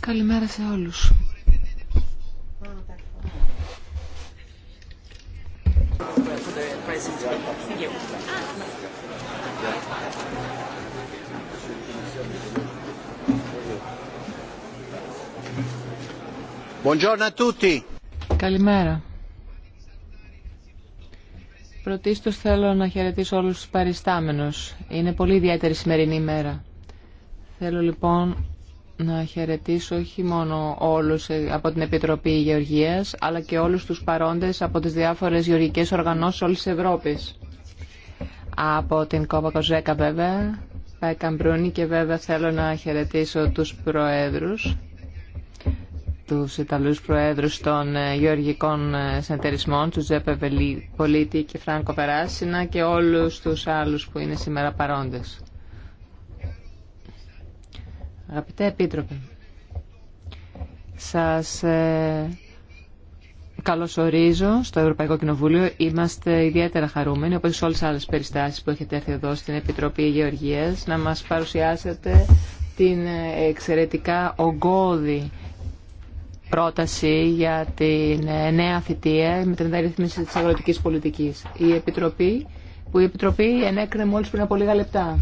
Καλημέρα σε όλους. Buongiorno a tutti. Καλημέρα. Πρωτίστως θέλω να χαιρετήσω όλους τους παριστάμενους. Είναι πολύ ιδιαίτερη σημερινή ημέρα. Θέλω λοιπόν να χαιρετήσω όχι μόνο όλους ε, από την Επιτροπή Γεωργίας, αλλά και όλους τους παρόντες από τις διάφορες γεωργικές οργανώσεις όλης της Ευρώπης. Από την Κόπα Κοζέκα βέβαια, Πέκα ε, και βέβαια θέλω να χαιρετήσω τους προέδρους, τους Ιταλούς προέδρους των ε, γεωργικών συνεταιρισμών, τους Τζέπε Πολίτη και Φράνκο Περάσινα και όλους τους άλλους που είναι σήμερα παρόντες. Αγαπητέ Επίτροπε, σας ε, καλωσορίζω στο Ευρωπαϊκό Κοινοβούλιο. Είμαστε ιδιαίτερα χαρούμενοι, όπως σε όλες τις άλλες περιστάσεις που έχετε έρθει εδώ στην Επιτροπή Γεωργίας, να μας παρουσιάσετε την ε, εξαιρετικά ογκώδη πρόταση για την ε, νέα θητεία με την μεταρρύθμιση της αγροτικής πολιτικής. Η Επιτροπή, που η Επιτροπή ενέκρινε μόλις πριν από λίγα λεπτά.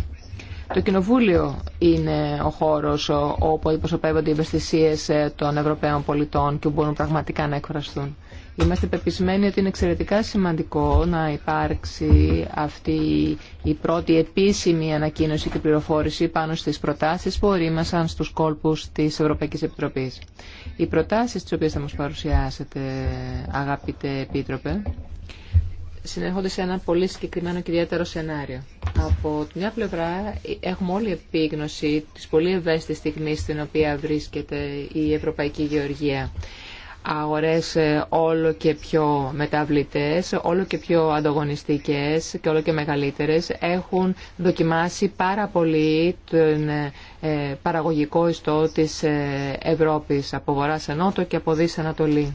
Το Κοινοβούλιο είναι ο χώρος όπου υποσωπεύονται οι ευαισθησίες ε, των Ευρωπαίων πολιτών και μπορούν πραγματικά να εκφραστούν. Είμαστε πεπισμένοι ότι είναι εξαιρετικά σημαντικό να υπάρξει αυτή η πρώτη επίσημη ανακοίνωση και πληροφόρηση πάνω στις προτάσεις που ορίμασαν στους κόλπους της Ευρωπαϊκής Επιτροπής. Οι προτάσεις τις οποίες θα μας παρουσιάσετε, αγαπητέ Επίτροπε, συνέρχονται σε ένα πολύ συγκεκριμένο και ιδιαίτερο σενάριο. Από τη μια πλευρά έχουμε όλη επίγνωση της πολύ ευαίσθητης στιγμής στην οποία βρίσκεται η Ευρωπαϊκή Γεωργία. Αγορές ε, όλο και πιο μεταβλητές, όλο και πιο ανταγωνιστικές και όλο και μεγαλύτερες έχουν δοκιμάσει πάρα πολύ τον ε, ε, παραγωγικό ιστό της Ευρώπης από βορρά σε νότο και από δύση ανατολή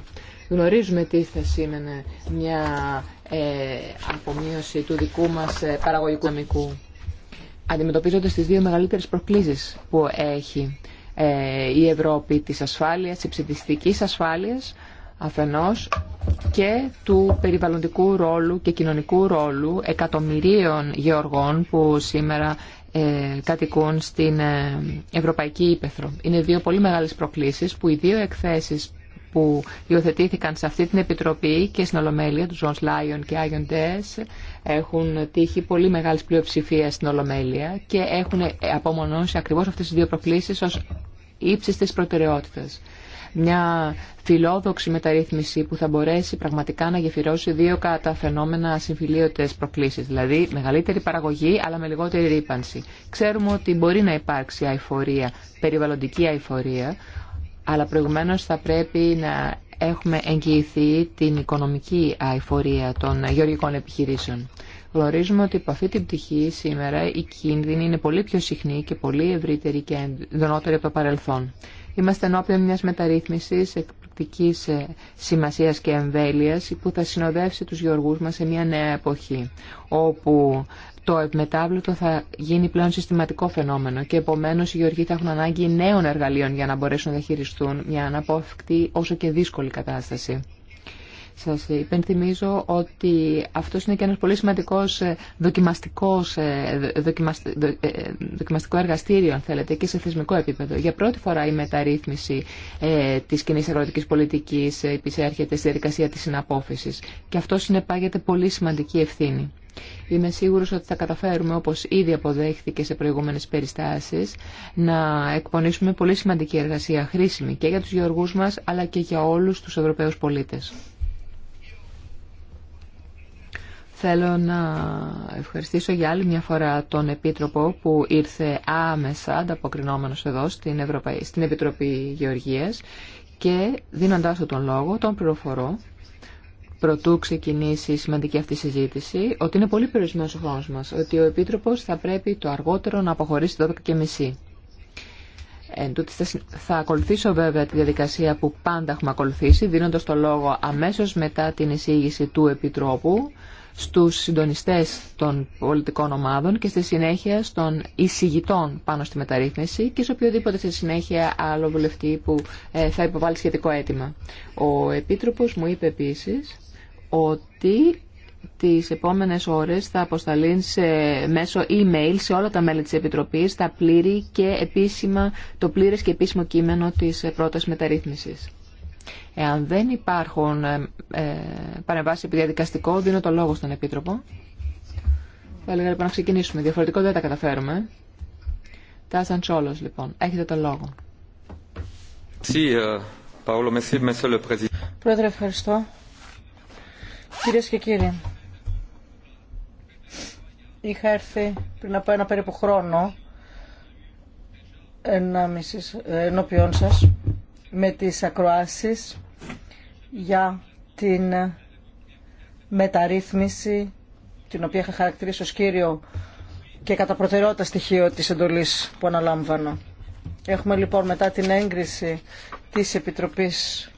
γνωρίζουμε τι θα σήμαινε μια ε, απομείωση του δικού μας ε, παραγωγικού αντιμετωπίζονται Αντιμετωπίζονται τις δύο μεγαλύτερες προκλήσεις που έχει ε, η Ευρώπη της ασφάλειας, της ψηφιστικής ασφάλειας αφενός και του περιβαλλοντικού ρόλου και κοινωνικού ρόλου εκατομμυρίων γεωργών που σήμερα κατοικούν στην Ευρωπαϊκή Ήπεθρο. Είναι δύο πολύ μεγάλες προκλήσεις που οι δύο εκθέσεις που υιοθετήθηκαν σε αυτή την Επιτροπή και στην Ολομέλεια του Ζωνς Λάιον και Άγιον Τες έχουν τύχει πολύ μεγάλη πλειοψηφία στην Ολομέλεια και έχουν απομονώσει ακριβώς αυτές τις δύο προκλήσεις ως ύψιστες προτεραιότητες. Μια φιλόδοξη μεταρρύθμιση που θα μπορέσει πραγματικά να γεφυρώσει δύο κατά φαινόμενα συμφιλίωτες προκλήσεις, δηλαδή μεγαλύτερη παραγωγή αλλά με λιγότερη ρήπανση. Ξέρουμε ότι μπορεί να υπάρξει αηφορία, περιβαλλοντική αηφορία, αλλά προηγουμένως θα πρέπει να έχουμε εγγυηθεί την οικονομική αηφορία των γεωργικών επιχειρήσεων. Γνωρίζουμε ότι από αυτή την πτυχή σήμερα η κίνδυνη είναι πολύ πιο συχνή και πολύ ευρύτερη και ενδονότερη από το παρελθόν. Είμαστε ενώπιον μιας μεταρρύθμισης εκπληκτικής ε, σημασίας και εμβέλειας που θα συνοδεύσει τους γεωργούς μας σε μια νέα εποχή όπου το ευμετάβλητο θα γίνει πλέον συστηματικό φαινόμενο και επομένω οι γεωργοί θα έχουν ανάγκη νέων εργαλείων για να μπορέσουν να χειριστούν μια αναπόφευκτη όσο και δύσκολη κατάσταση. Σα υπενθυμίζω ότι αυτό είναι και ένα πολύ σημαντικό ε, δοκιμαστικός, ε, ε, δοκιμαστικό εργαστήριο, αν θέλετε, και σε θεσμικό επίπεδο. Για πρώτη φορά η μεταρρύθμιση ε, της κοινή αγροτική πολιτικής επισέρχεται στη διαδικασία τη συναπόφευση. Και αυτό συνεπάγεται πολύ σημαντική ευθύνη. Είμαι σίγουρος ότι θα καταφέρουμε, όπως ήδη αποδέχθηκε σε προηγούμενες περιστάσεις, να εκπονήσουμε πολύ σημαντική εργασία, χρήσιμη και για τους γεωργούς μας, αλλά και για όλους τους Ευρωπαίους πολίτες. Θέλω να ευχαριστήσω για άλλη μια φορά τον Επίτροπο που ήρθε άμεσα ανταποκρινόμενος εδώ στην, Ευρωπαϊ... στην Επιτροπή Γεωργίας και δίνοντάς του τον λόγο τον πληροφορώ πρωτού ξεκινήσει η σημαντική αυτή συζήτηση, ότι είναι πολύ περιορισμένο ο χρόνο μα, ότι ο επίτροπο θα πρέπει το αργότερο να αποχωρήσει το 12.30. Εν θα ακολουθήσω βέβαια τη διαδικασία που πάντα έχουμε ακολουθήσει, δίνοντα το λόγο αμέσω μετά την εισήγηση του Επιτρόπου στου συντονιστέ των πολιτικών ομάδων και στη συνέχεια στον εισηγητών πάνω στη μεταρρύθμιση και σε οποιοδήποτε στη συνέχεια άλλο βουλευτή που ε, θα υποβάλει σχετικό αίτημα. Ο επίτροπο μου είπε επίση, ότι τις επόμενες ώρες θα αποσταλεί σε, μέσω email σε όλα τα μέλη της Επιτροπής τα πλήρη και επίσημα, το πλήρες και επίσημο κείμενο της πρώτας μεταρρύθμισης. Εάν δεν υπάρχουν ε, ε παρεμβάσεις επί διαδικαστικό, δίνω το λόγο στον Επίτροπο. Θα έλεγα λοιπόν να ξεκινήσουμε. Διαφορετικό δεν τα καταφέρουμε. Τάσαν Τσόλος λοιπόν. Έχετε το λόγο. Euh, Πρόεδρε, ευχαριστώ. Κυρίες και κύριοι, είχα έρθει πριν από ένα περίπου χρόνο ε, ενώπιόν σας με τις ακροάσεις για την μεταρρύθμιση την οποία είχα χαρακτηρίσει ως κύριο και κατά προτεραιότητα στοιχείο της εντολής που αναλάμβανα. Έχουμε λοιπόν μετά την έγκριση της Επιτροπής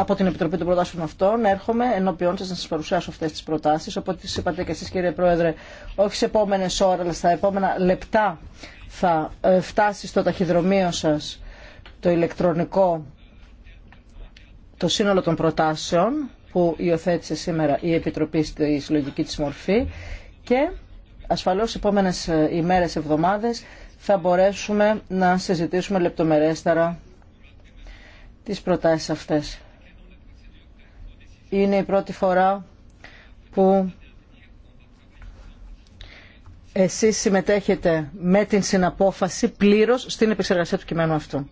από την Επιτροπή των Προτάσεων αυτών έρχομαι ενώπιον σας να σα παρουσιάσω αυτέ τι προτάσει, Οπότε τι είπατε και εσείς κύριε Πρόεδρε, όχι σε επόμενε ώρε, αλλά στα επόμενα λεπτά θα ε, φτάσει στο ταχυδρομείο σα το ηλεκτρονικό, το σύνολο των προτάσεων που υιοθέτησε σήμερα η Επιτροπή στη συλλογική της μορφή και ασφαλώς επόμενες ε, ημέρες, εβδομάδες θα μπορέσουμε να συζητήσουμε λεπτομερέστερα τις προτάσεις αυτές είναι η πρώτη φορά που εσείς συμμετέχετε με την συναπόφαση πλήρως στην επεξεργασία του κειμένου αυτού.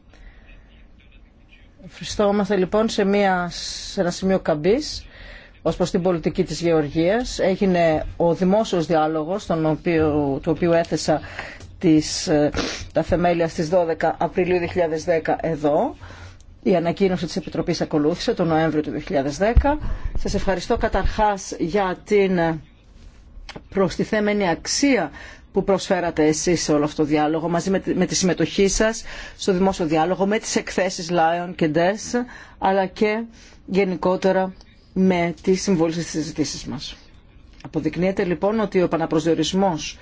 Φριστόμαστε λοιπόν σε, μια, σε ένα σημείο καμπής ως προς την πολιτική της Γεωργίας. Έγινε ο δημόσιος διάλογος, τον οποίο, του οποίου έθεσα ε, τα θεμέλια στις 12 Απριλίου 2010 εδώ. Η ανακοίνωση της Επιτροπής ακολούθησε τον Νοέμβριο του 2010. Σας ευχαριστώ καταρχάς για την προστιθέμενη αξία που προσφέρατε εσείς σε όλο αυτό το διάλογο, μαζί με τη συμμετοχή σας στο δημόσιο διάλογο, με τις εκθέσεις Lion και Des, αλλά και γενικότερα με τη συμβόλη στις συζητήσεις μας. Αποδεικνύεται λοιπόν ότι ο επαναπροσδιορισμός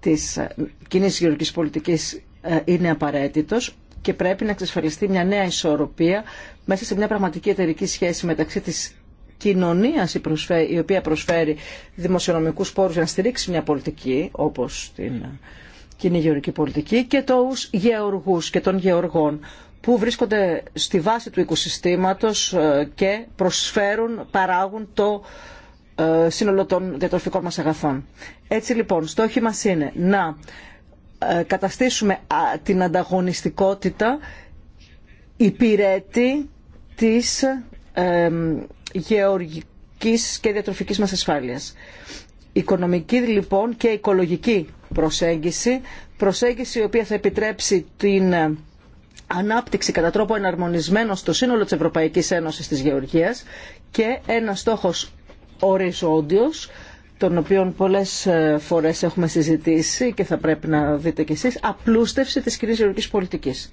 της ε, κοινή γεωργικής πολιτικής ε, είναι απαραίτητος, και πρέπει να εξασφαλιστεί μια νέα ισορροπία μέσα σε μια πραγματική εταιρική σχέση μεταξύ της κοινωνίας η οποία προσφέρει δημοσιονομικούς πόρους για να στηρίξει μια πολιτική όπως την κοινή γεωργική πολιτική και τους γεωργούς και των γεωργών που βρίσκονται στη βάση του οικοσυστήματος ε, και προσφέρουν, παράγουν το ε, σύνολο των διατροφικών μας αγαθών. Έτσι λοιπόν, στόχοι μας είναι να ε, καταστήσουμε την ανταγωνιστικότητα υπηρέτη της ε, γεωργικής και διατροφικής μας ασφάλειας. Οικονομική λοιπόν και οικολογική προσέγγιση, προσέγγιση η οποία θα επιτρέψει την ε, ανάπτυξη κατά τρόπο εναρμονισμένο στο σύνολο της Ευρωπαϊκής Ένωσης της Γεωργίας και ένα στόχος οριζόντιος των οποίων πολλές ε, φορές έχουμε συζητήσει και θα πρέπει να δείτε κι εσείς, απλούστευση της κοινή ευρωπαϊκής πολιτικής.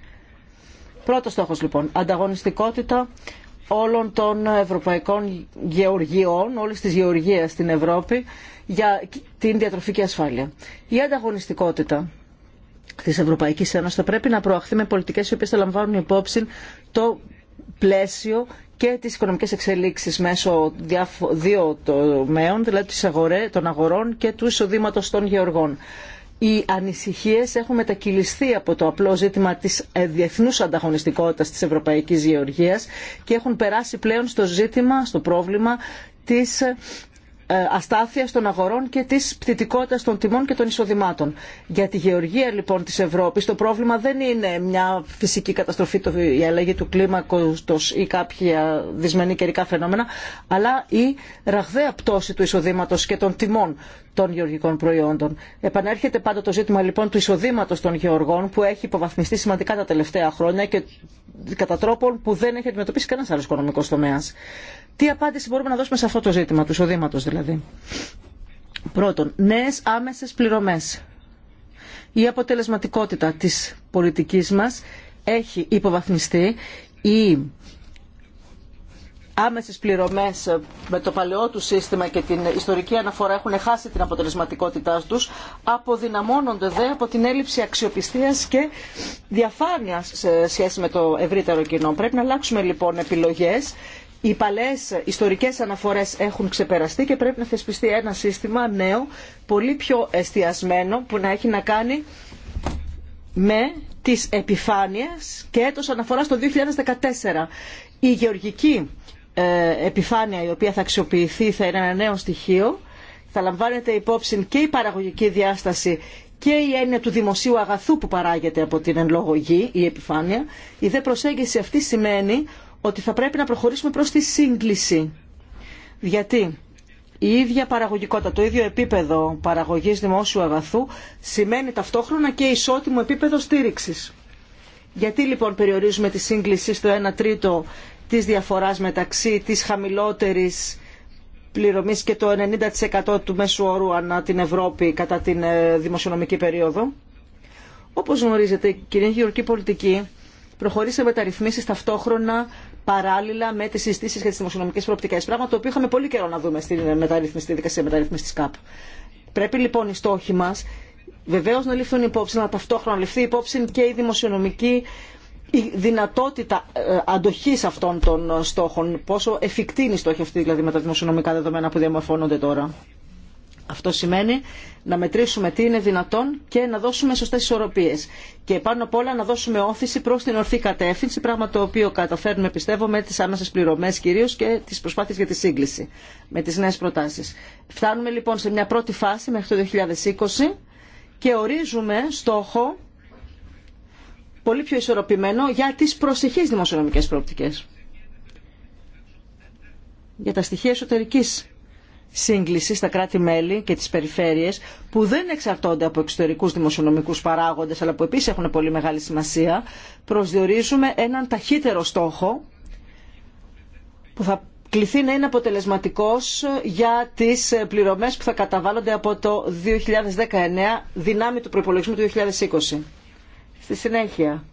Πρώτος στόχος λοιπόν, ανταγωνιστικότητα όλων των ευρωπαϊκών γεωργιών, όλης της γεωργίας στην Ευρώπη για την διατροφική ασφάλεια. Η ανταγωνιστικότητα της Ευρωπαϊκής Ένωσης θα πρέπει να προαχθεί με πολιτικές οι οποίες θα λαμβάνουν υπόψη το πλαίσιο και τις οικονομικές εξελίξεις μέσω δύο τομέων, δηλαδή των αγορών και του εισοδήματο των γεωργών. Οι ανησυχίες έχουν μετακυλιστεί από το απλό ζήτημα της ε, διεθνούς ανταγωνιστικότητας της ευρωπαϊκής γεωργίας και έχουν περάσει πλέον στο ζήτημα, στο πρόβλημα της ε, αστάθεια των αγορών και της πτυτικότητα των τιμών και των εισοδημάτων. Για τη γεωργία λοιπόν της Ευρώπης το πρόβλημα δεν είναι μια φυσική καταστροφή, η αλλαγή του κλίμακος ή κάποια δυσμενή καιρικά φαινόμενα, αλλά η ραγδαία πτώση του εισοδήματος και των τιμών των γεωργικών προϊόντων. Επανέρχεται πάντα το ζήτημα λοιπόν του εισοδήματος των γεωργών που έχει υποβαθμιστεί σημαντικά τα τελευταία χρόνια και κατά τρόπον που δεν έχει αντιμετωπίσει κανένας άλλο οικονομικός τομέας. Τι απάντηση μπορούμε να δώσουμε σε αυτό το ζήτημα, του εισοδήματο δηλαδή. Πρώτον, νέε άμεσε πληρωμέ. Η αποτελεσματικότητα τη πολιτική μα έχει υποβαθμιστεί. Οι άμεσες πληρωμές με το παλαιό του σύστημα και την ιστορική αναφορά έχουν χάσει την αποτελεσματικότητά τους, αποδυναμώνονται δε από την έλλειψη αξιοπιστία και διαφάνεια σε σχέση με το ευρύτερο κοινό. Πρέπει να αλλάξουμε λοιπόν επιλογέ οι παλές ιστορικές αναφορές έχουν ξεπεραστεί και πρέπει να θεσπιστεί ένα σύστημα νέο, πολύ πιο εστιασμένο, που να έχει να κάνει με τις επιφάνειες και έτος αναφορά το 2014. Η γεωργική ε, επιφάνεια η οποία θα αξιοποιηθεί θα είναι ένα νέο στοιχείο. Θα λαμβάνεται υπόψη και η παραγωγική διάσταση και η έννοια του δημοσίου αγαθού που παράγεται από την εν η επιφάνεια. Η δε προσέγγιση αυτή σημαίνει ότι θα πρέπει να προχωρήσουμε προς τη σύγκληση. Γιατί η ίδια παραγωγικότητα, το ίδιο επίπεδο παραγωγής δημόσιου αγαθού σημαίνει ταυτόχρονα και ισότιμο επίπεδο στήριξης. Γιατί λοιπόν περιορίζουμε τη σύγκληση στο 1 τρίτο της διαφοράς μεταξύ της χαμηλότερης πληρωμής και το 90% του μέσου όρου ανά την Ευρώπη κατά την ε, δημοσιονομική περίοδο. Όπως γνωρίζετε, κυρία γεωργική πολιτική προχωρήσαμε τα ταυτόχρονα παράλληλα με τι συστήσει για τι δημοσιονομικέ προοπτικέ. Πράγμα το οποίο είχαμε πολύ καιρό να δούμε στη δικασία μεταρρύθμιση τη ΚΑΠ. Πρέπει λοιπόν οι στόχοι μα βεβαίω να ληφθούν υπόψη, αλλά ταυτόχρονα ληφθεί υπόψη και η δημοσιονομική η δυνατότητα ε, αντοχή αυτών των στόχων. Πόσο εφικτή είναι η στόχη αυτή δηλαδή με τα δημοσιονομικά δεδομένα που διαμορφώνονται τώρα. Αυτό σημαίνει να μετρήσουμε τι είναι δυνατόν και να δώσουμε σωστές ισορροπίες. Και πάνω απ' όλα να δώσουμε όθηση προς την ορθή κατεύθυνση, πράγμα το οποίο καταφέρνουμε πιστεύω με τις άμεσες πληρωμές κυρίως και τις προσπάθειες για τη σύγκληση με τις νέες προτάσεις. Φτάνουμε λοιπόν σε μια πρώτη φάση μέχρι το 2020 και ορίζουμε στόχο πολύ πιο ισορροπημένο για τις προσεχείς δημοσιονομικές προοπτικές. Για τα στοιχεία εσωτερικής σύγκληση στα κράτη-μέλη και τις περιφέρειες που δεν εξαρτώνται από εξωτερικούς δημοσιονομικούς παράγοντες αλλά που επίσης έχουν πολύ μεγάλη σημασία προσδιορίζουμε έναν ταχύτερο στόχο που θα κληθεί να είναι αποτελεσματικός για τις πληρωμές που θα καταβάλλονται από το 2019 δυνάμει του προϋπολογισμού του 2020. Στη συνέχεια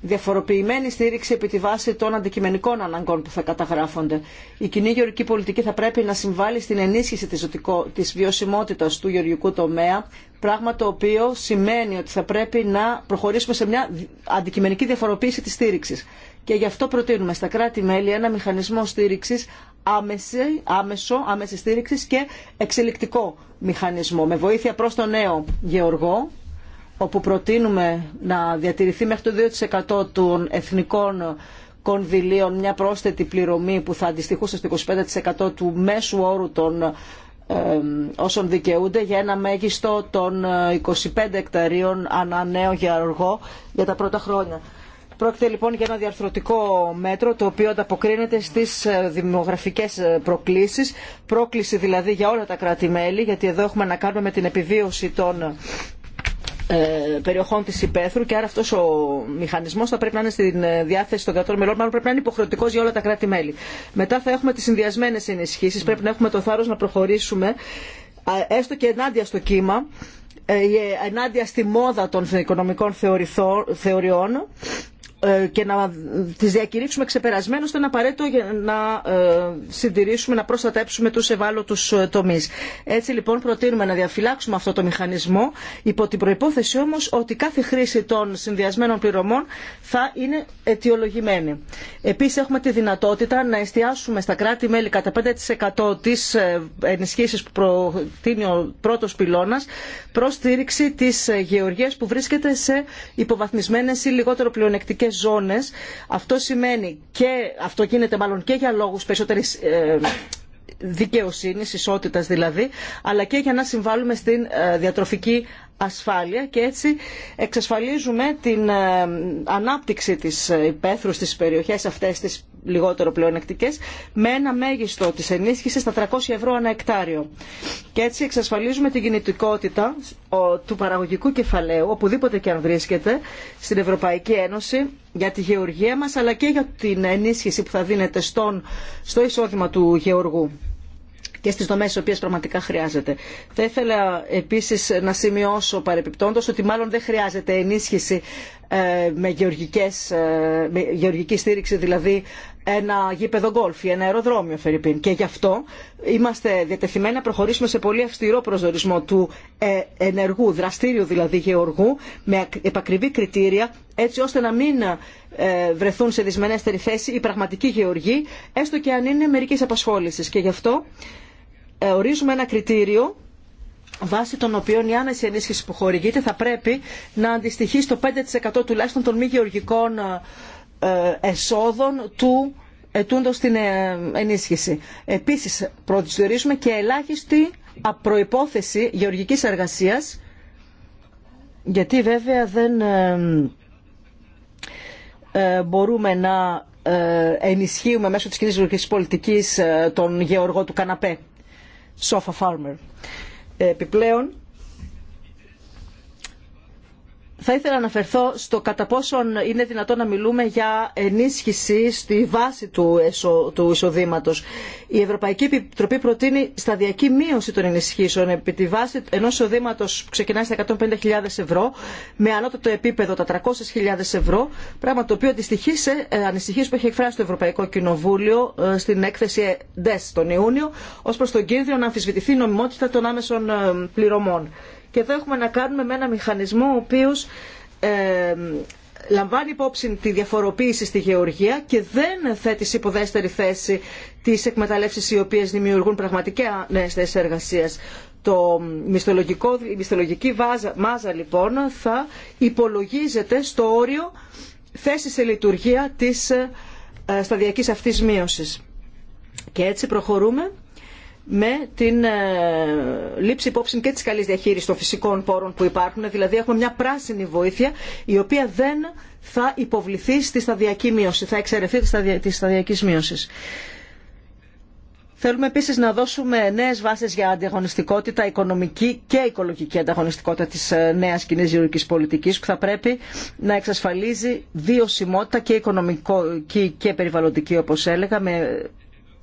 διαφοροποιημένη στήριξη επί τη βάση των αντικειμενικών αναγκών που θα καταγράφονται. Η κοινή γεωργική πολιτική θα πρέπει να συμβάλλει στην ενίσχυση της, ζωτικό, της βιωσιμότητας του γεωργικού τομέα, πράγμα το οποίο σημαίνει ότι θα πρέπει να προχωρήσουμε σε μια αντικειμενική διαφοροποίηση της στήριξης. Και γι' αυτό προτείνουμε στα κράτη-μέλη ένα μηχανισμό στήριξης άμεση, άμεσο, άμεση στήριξης και εξελικτικό μηχανισμό με βοήθεια προς τον νέο γεωργό όπου προτείνουμε να διατηρηθεί μέχρι το 2% των εθνικών κονδυλίων μια πρόσθετη πληρωμή που θα αντιστοιχούσε στο 25% του μέσου όρου των όσων δικαιούνται για ένα μέγιστο των 25 ε, εκταρίων ανά νέο γεωργό για τα πρώτα χρόνια. Πρόκειται λοιπόν για ένα διαρθρωτικό μέτρο το οποίο ανταποκρίνεται στις ε, δημογραφικές ε, προκλήσεις, πρόκληση δηλαδή για όλα τα κράτη-μέλη, γιατί εδώ έχουμε να κάνουμε με την επιβίωση των ε, περιοχών της υπαίθρου και άρα αυτός ο μηχανισμός θα πρέπει να είναι στην ε, διάθεση των κρατών μελών, μάλλον πρέπει να είναι υποχρεωτικός για όλα τα κράτη-μέλη. Μετά θα έχουμε τις συνδυασμένες ενισχύσεις, πρέπει να έχουμε το θάρρος να προχωρήσουμε έστω και ενάντια στο κύμα, ε, ενάντια στη μόδα των οικονομικών θεωριών ε, και να τις διακηρύξουμε ξεπερασμένως ήταν απαραίτητο για να ε, συντηρήσουμε, να προστατέψουμε τους ευάλωτους ε, τομείς. Έτσι λοιπόν προτείνουμε να διαφυλάξουμε αυτό το μηχανισμό υπό την προϋπόθεση όμως ότι κάθε χρήση των συνδυασμένων πληρωμών θα είναι αιτιολογημένη. Επίσης έχουμε τη δυνατότητα να εστιάσουμε στα κράτη-μέλη κατά 5% της ενισχύσεις που προτείνει ο πρώτος πυλώνας προς στήριξη της γεωργίας που βρίσκεται σε υποβαθμισμένες ή λιγότερο πλεονεκτικές ζώνες. Αυτό σημαίνει και, αυτό γίνεται μάλλον και για λόγους περισσότερης ε, δικαιοσύνης, ισότητας δηλαδή, αλλά και για να συμβάλλουμε στην ε, διατροφική ασφάλεια και έτσι εξασφαλίζουμε την ε, ανάπτυξη της υπαίθρου στις περιοχές αυτές τις λιγότερο πλεονεκτικές με ένα μέγιστο της ενίσχυσης στα 300 ευρώ ανά εκτάριο. Και έτσι εξασφαλίζουμε την κινητικότητα του παραγωγικού κεφαλαίου οπουδήποτε και αν βρίσκεται στην Ευρωπαϊκή Ένωση για τη γεωργία μας αλλά και για την ενίσχυση που θα δίνεται στο εισόδημα του γεωργού και στις δομές στις οποίες πραγματικά χρειάζεται. Θα ήθελα επίσης να σημειώσω παρεπιπτόντως ότι μάλλον δεν χρειάζεται ενίσχυση ε, με, ε, με γεωργική στήριξη, δηλαδή ένα γήπεδο γκολφ ή ένα αεροδρόμιο Φερρυπίν. Και γι' αυτό είμαστε διατεθειμένοι να προχωρήσουμε σε πολύ αυστηρό προσδορισμό του ε, ενεργού, δραστήριου δηλαδή γεωργού, με επακριβή κριτήρια, έτσι ώστε να μην βρεθούν σε δυσμενέστερη θέση οι πραγματικοί γεωργοί, έστω και αν είναι μερικής απασχόλησης. Και γι' αυτό ε, ορίζουμε ένα κριτήριο βάσει των οποίων η άνεση ενίσχυση που χορηγείται θα πρέπει να αντιστοιχεί στο 5% τουλάχιστον των μη γεωργικών ε, ε, εσόδων του ετούντος την ενίσχυση. Επίσης, προτιστορίζουμε και ελάχιστη προϋπόθεση γεωργικής εργασίας, γιατί βέβαια δεν μπορούμε να ενισχύουμε μέσω της κοινής γεωργικής πολιτικής τον γεωργό του καναπέ. Sofa Farmer. Επιπλέον, θα ήθελα να αναφερθώ στο κατά πόσον είναι δυνατό να μιλούμε για ενίσχυση στη βάση του, εισοδήματο. Η Ευρωπαϊκή Επιτροπή προτείνει σταδιακή μείωση των ενισχύσεων επί τη βάση ενό εισοδήματο που ξεκινάει στα 150.000 ευρώ με ανώτατο επίπεδο τα 300.000 ευρώ, πράγμα το οποίο αντιστοιχεί σε ε, ανησυχίε που έχει εκφράσει το Ευρωπαϊκό Κοινοβούλιο ε, στην έκθεση DES τον Ιούνιο, ως προς τον κίνδυνο να αμφισβητηθεί η νομιμότητα των άμεσων ε, πληρωμών. Και εδώ έχουμε να κάνουμε με ένα μηχανισμό ο οποίος ε, λαμβάνει υπόψη τη διαφοροποίηση στη γεωργία και δεν θέτει σε υποδέστερη θέση τις εκμεταλλεύσεις οι οποίες δημιουργούν πραγματικά νέες θέσεις εργασίας. Το μισθολογικό, η μισθολογική βάζα, μάζα λοιπόν θα υπολογίζεται στο όριο θέση σε λειτουργία της ε, σταδιακής αυτής μείωσης. Και έτσι προχωρούμε με την ε, λήψη υπόψη και της καλής διαχείρισης των φυσικών πόρων που υπάρχουν. Δηλαδή έχουμε μια πράσινη βοήθεια η οποία δεν θα υποβληθεί στη σταδιακή μείωση, θα εξαιρεθεί τη σταδιακή μειώση. Θέλουμε επίσης να δώσουμε νέες βάσεις για ανταγωνιστικότητα, οικονομική και οικολογική ανταγωνιστικότητα της ε, νέας κοινή γεωργικής πολιτικής που θα πρέπει να εξασφαλίζει δύο και οικονομική και περιβαλλοντική όπως έλεγα με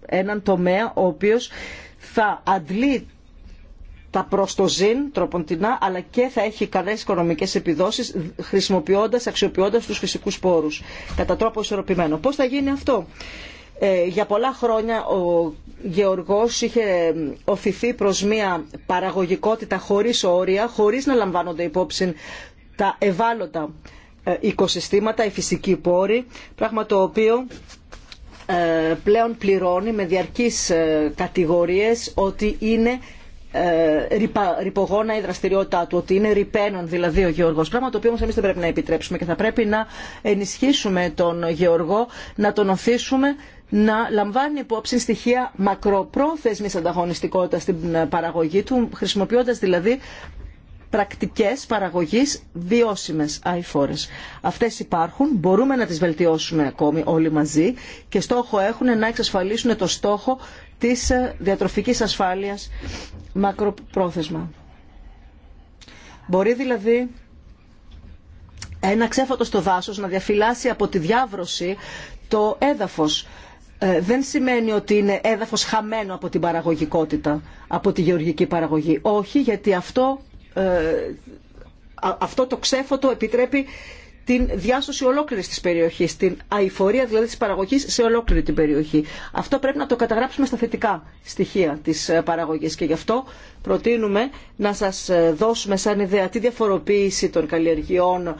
έναν τομέα ο οποίος θα αντλεί τα προς το ζήν τροποντινά, αλλά και θα έχει καλές οικονομικές επιδόσεις χρησιμοποιώντας, αξιοποιώντας τους φυσικούς πόρους Κατά τρόπο ισορροπημένο. Πώς θα γίνει αυτό. Ε, για πολλά χρόνια ο Γεωργός είχε οφηθεί προς μια παραγωγικότητα χωρίς όρια, χωρίς να λαμβάνονται υπόψη τα ευάλωτα ε, οικοσυστήματα, οι φυσικοί πόροι, πράγμα το οποίο ε, πλέον πληρώνει με διαρκείς ε, κατηγορίες ότι είναι ε, ρηπογόνα η δραστηριότητά του, ότι είναι ρηπαίνων δηλαδή ο Γεωργό. Πράγμα το οποίο όμω εμεί δεν πρέπει να επιτρέψουμε και θα πρέπει να ενισχύσουμε τον Γεωργό, να τον οθήσουμε να λαμβάνει υπόψη στοιχεία μακροπρόθεσμης ανταγωνιστικότητας στην παραγωγή του, χρησιμοποιώντας δηλαδή πρακτικές παραγωγής βιώσιμες αηφόρες. Αυτές υπάρχουν, μπορούμε να τις βελτιώσουμε ακόμη όλοι μαζί και στόχο έχουν να εξασφαλίσουν το στόχο της ε, διατροφικής ασφάλειας μακροπρόθεσμα. Μπορεί δηλαδή ένα ξέφατο στο δάσος να διαφυλάσει από τη διάβρωση το έδαφος. Ε, δεν σημαίνει ότι είναι έδαφος χαμένο από την παραγωγικότητα, από τη γεωργική παραγωγή. Όχι, γιατί αυτό ε, αυτό το ξέφωτο επιτρέπει την διάσωση ολόκληρη τη περιοχή, την αηφορία δηλαδή τη παραγωγή σε ολόκληρη την περιοχή. Αυτό πρέπει να το καταγράψουμε στα θετικά στοιχεία τη ε, παραγωγή και γι' αυτό προτείνουμε να σα ε, δώσουμε σαν ιδέα τη διαφοροποίηση των καλλιεργειών,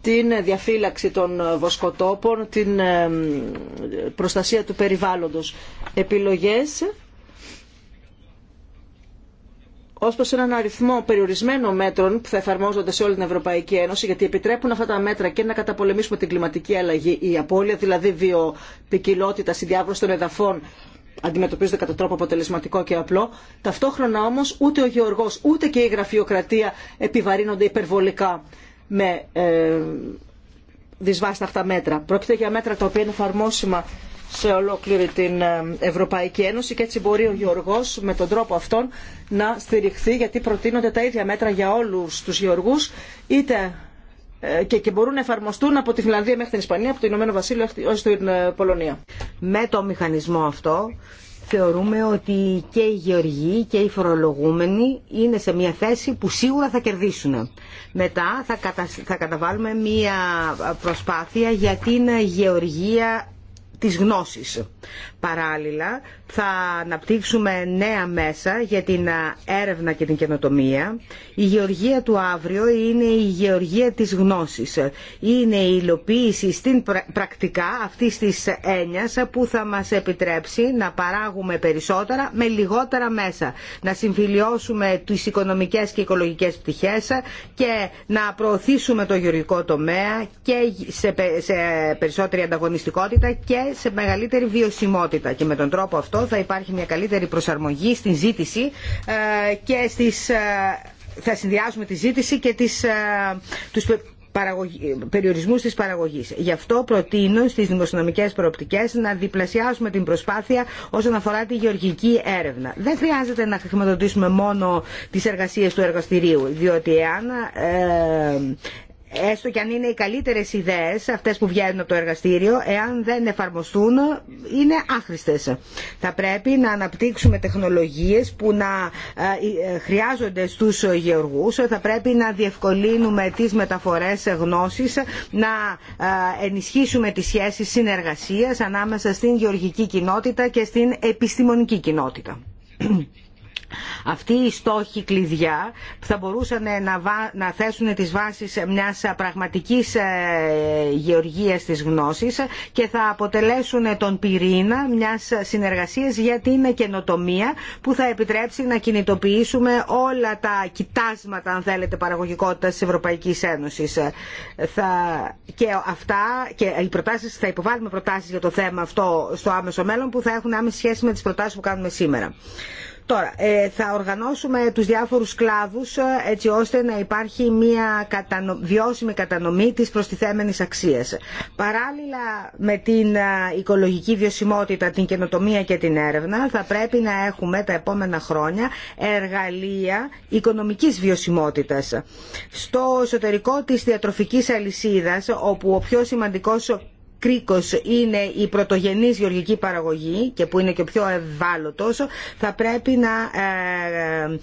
την διαφύλαξη των βοσκοτόπων, την προστασία του περιβάλλοντος. Επιλογές ω προ έναν αριθμό περιορισμένων μέτρων που θα εφαρμόζονται σε όλη την Ευρωπαϊκή Ένωση, γιατί επιτρέπουν αυτά τα μέτρα και να καταπολεμήσουμε την κλιματική αλλαγή, η απώλεια δηλαδή βιοπικιλότητα, η διάβρωση των εδαφών αντιμετωπίζονται κατά τρόπο αποτελεσματικό και απλό. Ταυτόχρονα όμω ούτε ο γεωργό ούτε και η γραφειοκρατία επιβαρύνονται υπερβολικά με ε, δυσβάσταχτα μέτρα. Πρόκειται για μέτρα τα οποία είναι εφαρμόσιμα σε ολόκληρη την ε, Ευρωπαϊκή Ένωση και έτσι μπορεί ο Γεωργός με τον τρόπο αυτόν να στηριχθεί γιατί προτείνονται τα ίδια μέτρα για όλους τους Γεωργούς είτε ε, και, μπορούν να εφαρμοστούν από τη Φιλανδία μέχρι την Ισπανία, από το Ηνωμένο Βασίλειο έως την ε, Πολωνία. Με το μηχανισμό αυτό θεωρούμε ότι και οι γεωργοί και οι φορολογούμενοι είναι σε μια θέση που σίγουρα θα κερδίσουν. Μετά θα, θα καταβάλουμε μια προσπάθεια για την γεωργία της γνώσης. Παράλληλα, θα αναπτύξουμε νέα μέσα για την έρευνα και την καινοτομία. Η γεωργία του αύριο είναι η γεωργία της γνώσης. Είναι η υλοποίηση στην πρακτικά αυτή της έννοιας που θα μας επιτρέψει να παράγουμε περισσότερα με λιγότερα μέσα. Να συμφιλιώσουμε τις οικονομικές και οικολογικές πτυχές και να προωθήσουμε το γεωργικό τομέα και σε περισσότερη ανταγωνιστικότητα και σε μεγαλύτερη βιωσιμότητα και με τον τρόπο αυτό θα υπάρχει μια καλύτερη προσαρμογή στην ζήτηση ε, και στις, ε, θα συνδυάσουμε τη ζήτηση και τις, ε, τους περιορισμούς τη παραγωγή. Γι' αυτό προτείνω στις δημοσιονομικέ προοπτικές να διπλασιάσουμε την προσπάθεια όσον αφορά τη γεωργική έρευνα. Δεν χρειάζεται να χρηματοδοτήσουμε μόνο τι εργασίε του εργαστηρίου, διότι εάν έστω και αν είναι οι καλύτερες ιδέες αυτές που βγαίνουν από το εργαστήριο, εάν δεν εφαρμοστούν είναι άχρηστες. Θα πρέπει να αναπτύξουμε τεχνολογίες που να ε, ε, χρειάζονται στους γεωργούς, θα πρέπει να διευκολύνουμε τις μεταφορές γνώσης, να ε, ενισχύσουμε τις σχέσεις συνεργασίας ανάμεσα στην γεωργική κοινότητα και στην επιστημονική κοινότητα. Αυτοί οι στόχοι κλειδιά θα μπορούσαν να θέσουν τις βάσεις μιας πραγματικής ε, γεωργίας της γνώσης και θα αποτελέσουν τον πυρήνα μιας συνεργασίας για την καινοτομία που θα επιτρέψει να κινητοποιήσουμε όλα τα κοιτάσματα αν θέλετε παραγωγικότητας της Ευρωπαϊκής Ένωσης. Θα... Και, αυτά, και οι προτάσεις, θα υποβάλουμε προτάσεις για το θέμα αυτό στο άμεσο μέλλον που θα έχουν άμεση σχέση με τις προτάσεις που κάνουμε σήμερα. Τώρα, ε, θα οργανώσουμε τους διάφορους κλάδους ε, έτσι ώστε να υπάρχει μια βιώσιμη κατανομή της προστιθέμενης αξίας. Παράλληλα με την ε, οικολογική βιωσιμότητα, την καινοτομία και την έρευνα θα πρέπει να έχουμε τα επόμενα χρόνια εργαλεία οικονομικής βιωσιμότητας. Στο εσωτερικό της διατροφικής αλυσίδας όπου ο πιο σημαντικός κρίκος είναι η πρωτογενής γεωργική παραγωγή και που είναι και ο πιο ευάλωτος, θα πρέπει να ε,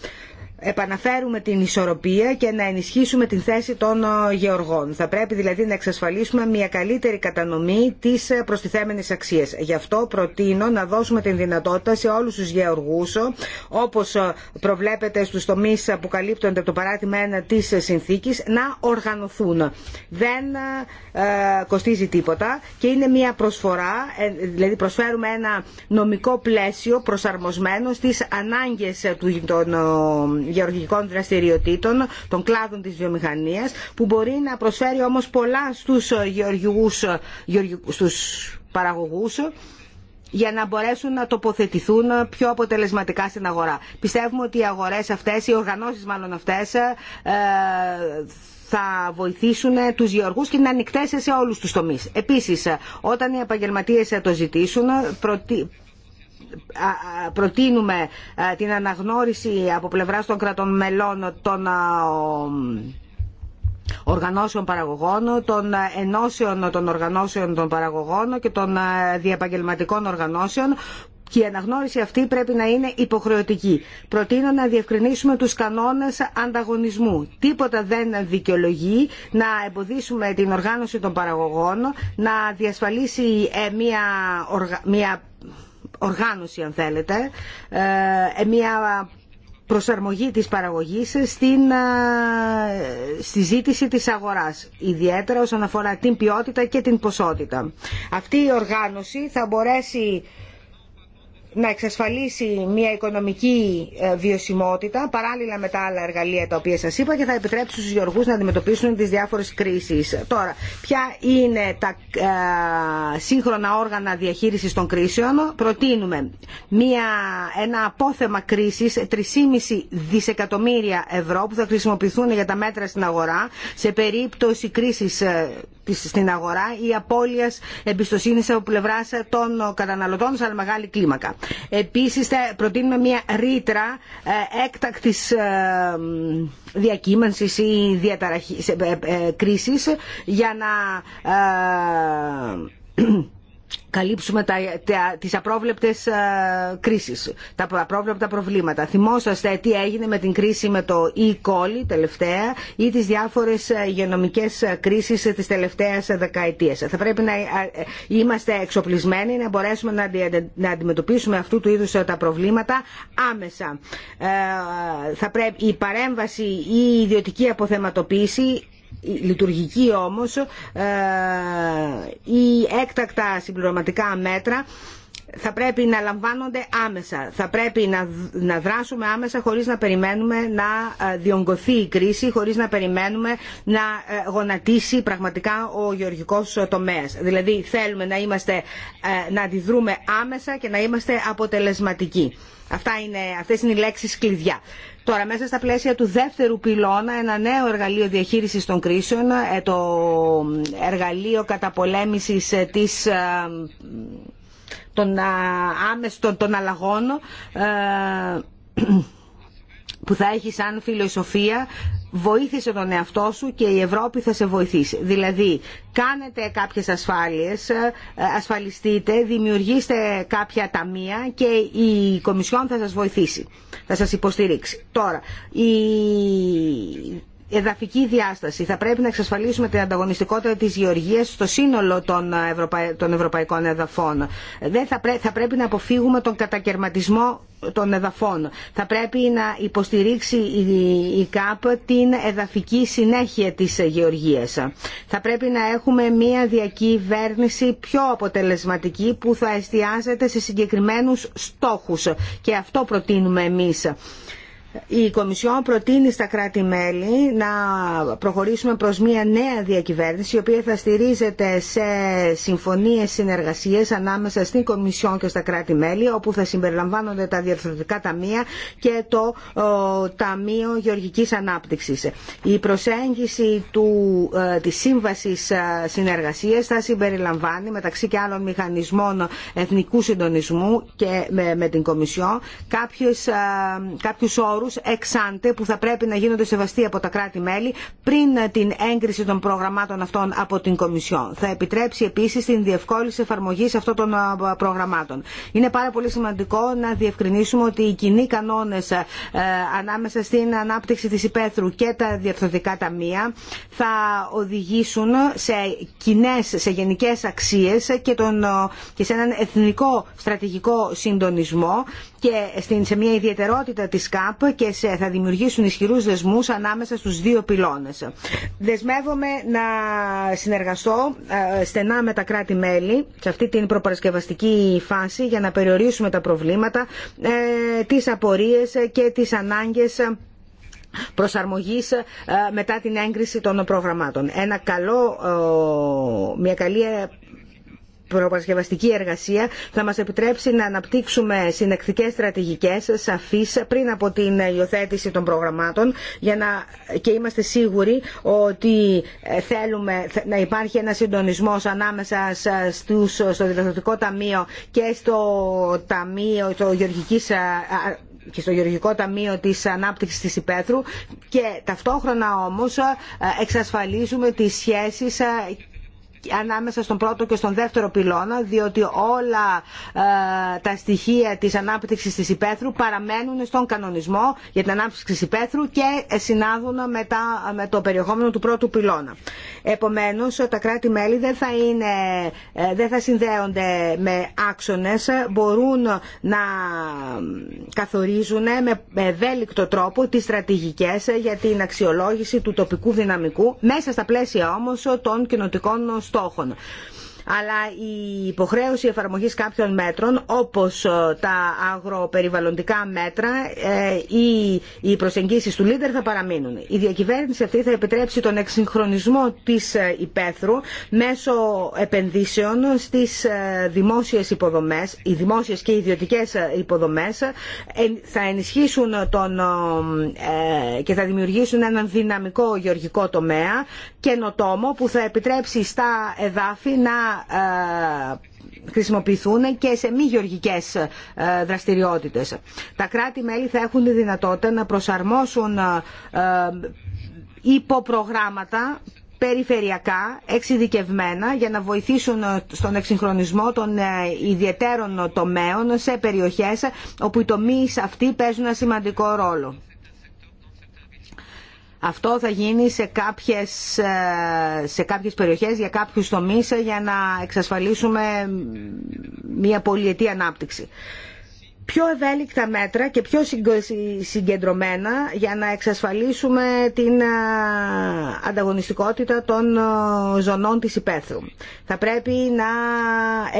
επαναφέρουμε την ισορροπία και να ενισχύσουμε την θέση των ε, γεωργών. Θα πρέπει δηλαδή να εξασφαλίσουμε μια καλύτερη κατανομή τη ε, προστιθέμενης αξία. Γι' αυτό προτείνω να δώσουμε την δυνατότητα σε όλου του γεωργού, ε, όπω προβλέπεται στου τομεί που καλύπτονται από το παράδειγμα 1 τη συνθήκη, να οργανωθούν. Δεν κοστίζει τίποτα και είναι μια προσφορά, δηλαδή προσφέρουμε ένα νομικό πλαίσιο προσαρμοσμένο στι ανάγκε του, των γεωργικών δραστηριοτήτων, των κλάδων της βιομηχανίας, που μπορεί να προσφέρει όμως πολλά στους, γεωργικούς, στους παραγωγούς για να μπορέσουν να τοποθετηθούν πιο αποτελεσματικά στην αγορά. Πιστεύουμε ότι οι αγορές αυτές, οι οργανώσεις μάλλον αυτές, ε, θα βοηθήσουν τους γεωργού και είναι ανοιχτέ σε όλου του τομεί. Επίση, όταν οι επαγγελματίε θα το ζητήσουν, προτείνουμε την αναγνώριση από πλευράς των κρατών μελών των οργανώσεων παραγωγών, των ενώσεων των οργανώσεων των παραγωγών και των διαπαγγελματικών οργανώσεων και η αναγνώριση αυτή πρέπει να είναι υποχρεωτική. Προτείνω να διευκρινίσουμε τους κανόνες ανταγωνισμού. Τίποτα δεν δικαιολογεί να εμποδίσουμε την οργάνωση των παραγωγών, να διασφαλίσει ε, μια, μια οργάνωση αν θέλετε, ε, μια προσαρμογή της παραγωγής στην, ε, στη ζήτηση της αγοράς, ιδιαίτερα όσον αφορά την ποιότητα και την ποσότητα. Αυτή η οργάνωση θα μπορέσει να εξασφαλίσει μια οικονομική ε, βιωσιμότητα παράλληλα με τα άλλα εργαλεία τα οποία σας είπα και θα επιτρέψει στους γεωργούς να αντιμετωπίσουν τις διάφορες κρίσεις. Τώρα, ποια είναι τα ε, σύγχρονα όργανα διαχείρισης των κρίσεων. Προτείνουμε μια, ένα απόθεμα κρίσης 3,5 δισεκατομμύρια ευρώ που θα χρησιμοποιηθούν για τα μέτρα στην αγορά σε περίπτωση κρίσης ε, στην αγορά ή απώλειας εμπιστοσύνης από πλευράς ε, των καταναλωτών σε μεγάλη κλίμακα. Επίσης προτείνουμε μια ρήτρα ε, έκτακτης ε, διακύμανσης ή διαταραχής, ε, κρίσης για να καλύψουμε τα, τα, τις απρόβλεπτες ε, κρίσεις, τα απρόβλεπτα προβλήματα. Θυμόσαστε τι έγινε με την κρίση με το e-call τελευταία ή τις διάφορες ε, υγειονομικές ε, κρίσεις της τελευταίας δεκαετίας. Θα πρέπει να είμαστε εξοπλισμένοι να μπορέσουμε να, αντιμετωπίσουμε αυτού του είδους τα προβλήματα άμεσα. θα πρέπει, η παρέμβαση ή η ιδιωτική αποθεματοποίηση λειτουργική όμως ε, η έκτακτα συμπληρωματικά μέτρα θα πρέπει να λαμβάνονται άμεσα. Θα πρέπει να, δράσουμε άμεσα χωρίς να περιμένουμε να ε, διονγκωθεί η κρίση, χωρίς να περιμένουμε να ε, γονατίσει πραγματικά ο γεωργικός ε, τομέας. Δηλαδή θέλουμε να, είμαστε, να αντιδρούμε άμεσα και να είμαστε αποτελεσματικοί. Αυτά είναι, αυτές είναι οι λέξεις κλειδιά. Τώρα, μέσα στα πλαίσια του δεύτερου πυλώνα, ένα νέο εργαλείο διαχείρισης των κρίσεων, το εργαλείο καταπολέμησης της των άμεστων των αλλαγών ε, που θα έχει σαν φιλοσοφία βοήθησε τον εαυτό σου και η Ευρώπη θα σε βοηθήσει. Δηλαδή, κάνετε κάποιες ασφάλειες, ε, ασφαλιστείτε, δημιουργήστε κάποια ταμεία και η Κομισιόν θα σας βοηθήσει, θα σας υποστηρίξει. Τώρα, εδαφική διάσταση. Θα πρέπει να εξασφαλίσουμε την ανταγωνιστικότητα της γεωργίας στο σύνολο των, ευρωπαϊκών εδαφών. Δεν θα, θα πρέπει να αποφύγουμε τον κατακαιρματισμό των εδαφών. Θα πρέπει να υποστηρίξει η ΚΑΠ την εδαφική συνέχεια της γεωργίας. Θα πρέπει να έχουμε μια διακυβέρνηση πιο αποτελεσματική που θα εστιάζεται σε συγκεκριμένους στόχους και αυτό προτείνουμε εμείς η Κομισιόν προτείνει στα κράτη-μέλη να προχωρήσουμε προς μια νέα διακυβέρνηση η οποία θα στηρίζεται σε συμφωνίες συνεργασίες ανάμεσα στην Κομισιόν και στα κράτη-μέλη όπου θα συμπεριλαμβάνονται τα διαρθρωτικά ταμεία και το Ταμείο Γεωργικής Ανάπτυξης. Η προσέγγιση του, ε, της Σύμβασης ε, Συνεργασίας θα συμπεριλαμβάνει μεταξύ και άλλων μηχανισμών εθνικού συντονισμού και με, με την Κομισιόν ε, κάποιους, ε, εξάντε που θα πρέπει να γίνονται σεβαστοί από τα κράτη-μέλη πριν την έγκριση των προγραμμάτων αυτών από την Κομισιόν. Θα επιτρέψει επίσης την διευκόλυνση εφαρμογής αυτών των προγραμμάτων. Είναι πάρα πολύ σημαντικό να διευκρινίσουμε ότι οι κοινοί κανόνες ε, ανάμεσα στην ανάπτυξη της υπαίθρου και τα διευθυντικά ταμεία θα οδηγήσουν σε κοινέ, σε γενικές αξίες και, τον, ε, και σε έναν εθνικό στρατηγικό συντονισμό και σε μια ιδιαιτερότητα της ΚΑΠ και σε, θα δημιουργήσουν ισχυρούς δεσμούς ανάμεσα στους δύο πυλώνες. Δεσμεύομαι να συνεργαστώ ε, στενά με τα κράτη-μέλη σε αυτή την προπαρασκευαστική φάση για να περιορίσουμε τα προβλήματα, ε, τις απορίες και τις ανάγκες προσαρμογής ε, μετά την έγκριση των προγραμμάτων. Ένα καλό, μια καλή προπαρασκευαστική εργασία θα μας επιτρέψει να αναπτύξουμε συνεκτικές στρατηγικές σαφείς πριν από την υιοθέτηση των προγραμμάτων για να, και είμαστε σίγουροι ότι ε, θέλουμε να υπάρχει ένα συντονισμός ανάμεσα στους, στο Διδαστατικό Ταμείο και στο Ταμείο το Γεωργικής ε, και στο Γεωργικό Ταμείο της Ανάπτυξης της Υπέθρου και ταυτόχρονα όμως ε, εξασφαλίζουμε τις σχέσεις ανάμεσα στον πρώτο και στον δεύτερο πυλώνα διότι όλα ε, τα στοιχεία της ανάπτυξης της υπαίθρου παραμένουν στον κανονισμό για την ανάπτυξη της υπαίθρου και συνάδουν με, το περιεχόμενο του πρώτου πυλώνα. Επομένως τα κράτη-μέλη δεν, θα είναι, ε, δεν θα συνδέονται με άξονες, μπορούν να καθορίζουν με ευέλικτο τρόπο τις στρατηγικές για την αξιολόγηση του τοπικού δυναμικού μέσα στα πλαίσια όμως των κοινοτικών στόχων αλλά η υποχρέωση εφαρμογής κάποιων μέτρων όπως ε, τα αγροπεριβαλλοντικά μέτρα ε, ή οι προσεγγίσεις του Λίντερ θα παραμείνουν. Η διακυβέρνηση αυτή θα επιτρέψει τον εξυγχρονισμό της ε, υπαίθρου μέσω επενδύσεων στις δημόσιες υποδομές, οι δημόσιες και οι ιδιωτικές υποδομές θα ενισχύσουν τον, και θα δημιουργήσουν έναν δυναμικό γεωργικό τομέα καινοτόμο που θα επιτρέψει στα εδάφη να ε, χρησιμοποιηθούν και σε μη γεωργικές ε, δραστηριότητες. Τα κράτη-μέλη θα έχουν τη δυνατότητα να προσαρμόσουν ε, υποπρογράμματα περιφερειακά, εξειδικευμένα, για να βοηθήσουν στον εξυγχρονισμό των ιδιαιτέρων τομέων σε περιοχές όπου οι τομείς αυτοί παίζουν ένα σημαντικό ρόλο. Αυτό θα γίνει σε κάποιες, ε, σε κάποιες περιοχές, για κάποιους τομείς, ε, για να εξασφαλίσουμε μια πολυετή ανάπτυξη πιο ευέλικτα μέτρα και πιο συγκεντρωμένα για να εξασφαλίσουμε την ανταγωνιστικότητα των ζωνών της υπαίθρου. Θα πρέπει να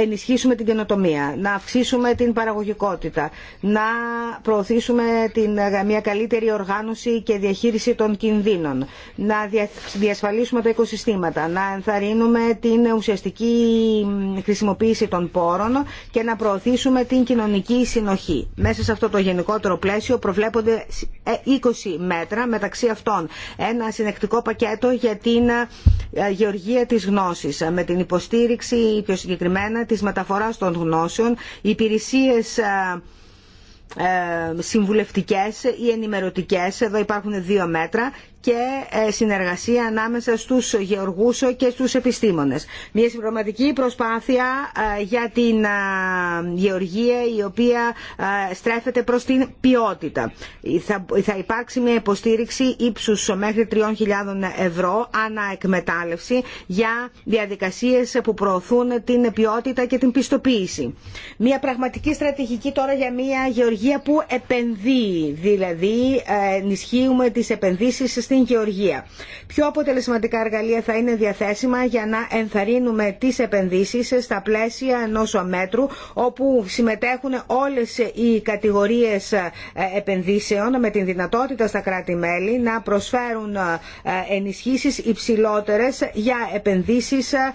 ενισχύσουμε την καινοτομία, να αυξήσουμε την παραγωγικότητα, να προωθήσουμε την, μια καλύτερη οργάνωση και διαχείριση των κινδύνων, να διασφαλίσουμε τα οικοσυστήματα, να ενθαρρύνουμε την ουσιαστική χρησιμοποίηση των πόρων και να προωθήσουμε την κοινωνική συνοχή μέσα σε αυτό το γενικότερο πλαίσιο προβλέπονται 20 ε, μέτρα μεταξύ αυτών. Ένα συνεκτικό πακέτο για την ε, γεωργία της γνώσης ε, με την υποστήριξη πιο συγκεκριμένα της μεταφοράς των γνώσεων, υπηρεσίες συμβουλευτικές ή ενημερωτικές, εδώ υπάρχουν δύο μέτρα και ε, συνεργασία ανάμεσα στους γεωργούς και στους επιστήμονες. Μια συμπροματική προσπάθεια ε, για την ε, γεωργία η οποία στρέφεται προς την ποιότητα. Θα υπάρξει μια υποστήριξη ύψους μέχρι 3.000 ευρώ ανά εκμετάλλευση για διαδικασίες που προωθούν την ποιότητα και την πιστοποίηση. Μια πραγματική στρατηγική τώρα για μια γεωργία που επενδύει, δηλαδή ενισχύουμε τις επενδύσεις στην γεωργία. Πιο αποτελεσματικά εργαλεία θα είναι διαθέσιμα για να ενθαρρύνουμε τις επενδύσεις στα πλαίσια ενός μέτρου όπου συμμετέχουν όλες οι κατηγορίες ε, επενδύσεων με την δυνατότητα στα κράτη-μέλη να προσφέρουν ε, ενισχύσεις υψηλότερες για επενδύσεις ε,